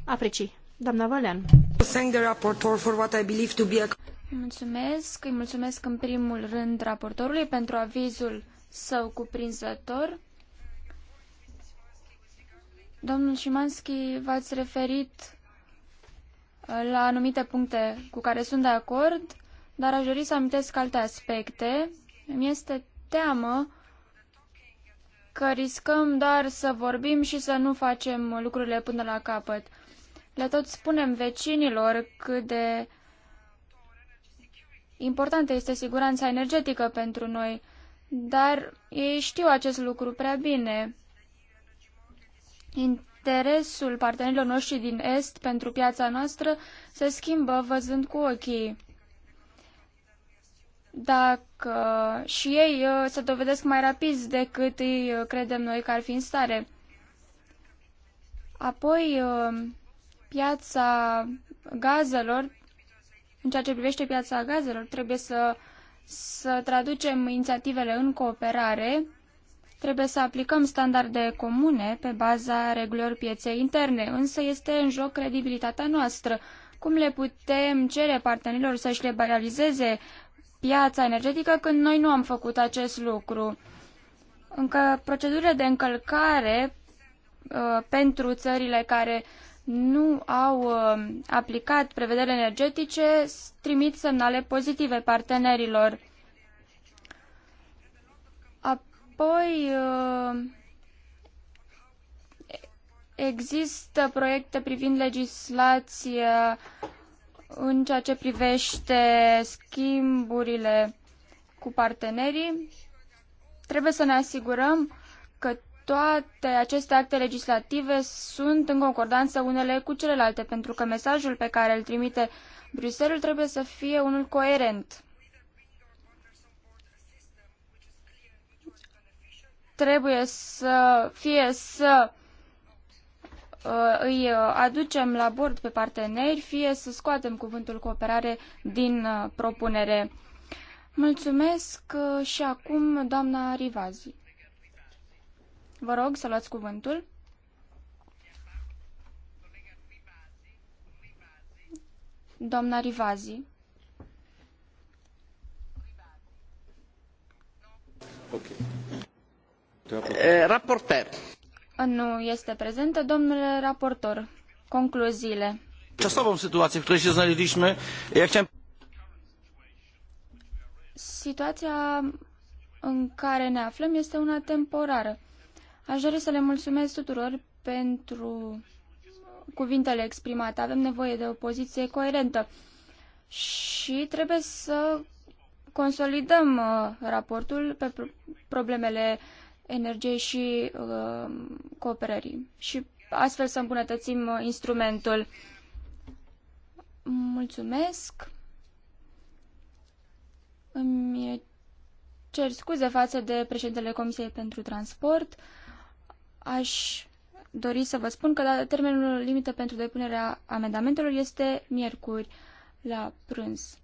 Africii. Doamna Valean. Mulțumesc, îi mulțumesc în primul rând raportorului pentru avizul său cuprinzător. Domnul Șimanski, v-ați referit uh, la anumite puncte cu care sunt de acord, dar aș dori să amintesc alte aspecte. Îmi este teamă că riscăm doar să vorbim și să nu facem lucrurile până la capăt. Le tot spunem vecinilor cât de importantă este siguranța energetică pentru noi, dar ei știu acest lucru prea bine. Interesul partenerilor noștri din Est pentru piața noastră se schimbă văzând cu ochii. Dacă și ei uh, se dovedesc mai rapid decât îi uh, credem noi că ar fi în stare. Apoi, uh, piața gazelor, în ceea ce privește piața gazelor, trebuie să, să traducem inițiativele în cooperare Trebuie să aplicăm standarde comune pe baza regulilor pieței interne, însă este în joc credibilitatea noastră. Cum le putem cere partenerilor să-și liberalizeze piața energetică când noi nu am făcut acest lucru? Încă procedurile de încălcare uh, pentru țările care nu au uh, aplicat prevederile energetice trimit semnale pozitive partenerilor. Apoi uh, există proiecte privind legislația în ceea ce privește schimburile cu partenerii. Trebuie să ne asigurăm că toate aceste acte legislative sunt în concordanță unele cu celelalte, pentru că mesajul pe care îl trimite Bruxelles trebuie să fie unul coerent. trebuie să fie să uh, îi uh, aducem la bord pe parteneri, fie să scoatem cuvântul cooperare din uh, propunere. Mulțumesc și acum doamna Rivazi. Vă rog să luați cuvântul. Doamna Rivazi. Okay. Eh, raporter. Ah, nu este prezentă. Domnule raportor, concluziile. Czasową sytuację, w której się znaleźliśmy, ja chciałem... Situația în care ne aflăm este una temporară. Aș dori să le mulțumesc tuturor pentru cuvintele exprimate. Avem nevoie de o poziție coerentă și trebuie să consolidăm uh, raportul pe problemele energiei și uh, cooperării și astfel să îmbunătățim uh, instrumentul. Mulțumesc. Îmi cer scuze față de președintele Comisiei pentru Transport. Aș dori să vă spun că termenul limită pentru depunerea amendamentelor este miercuri la prânz.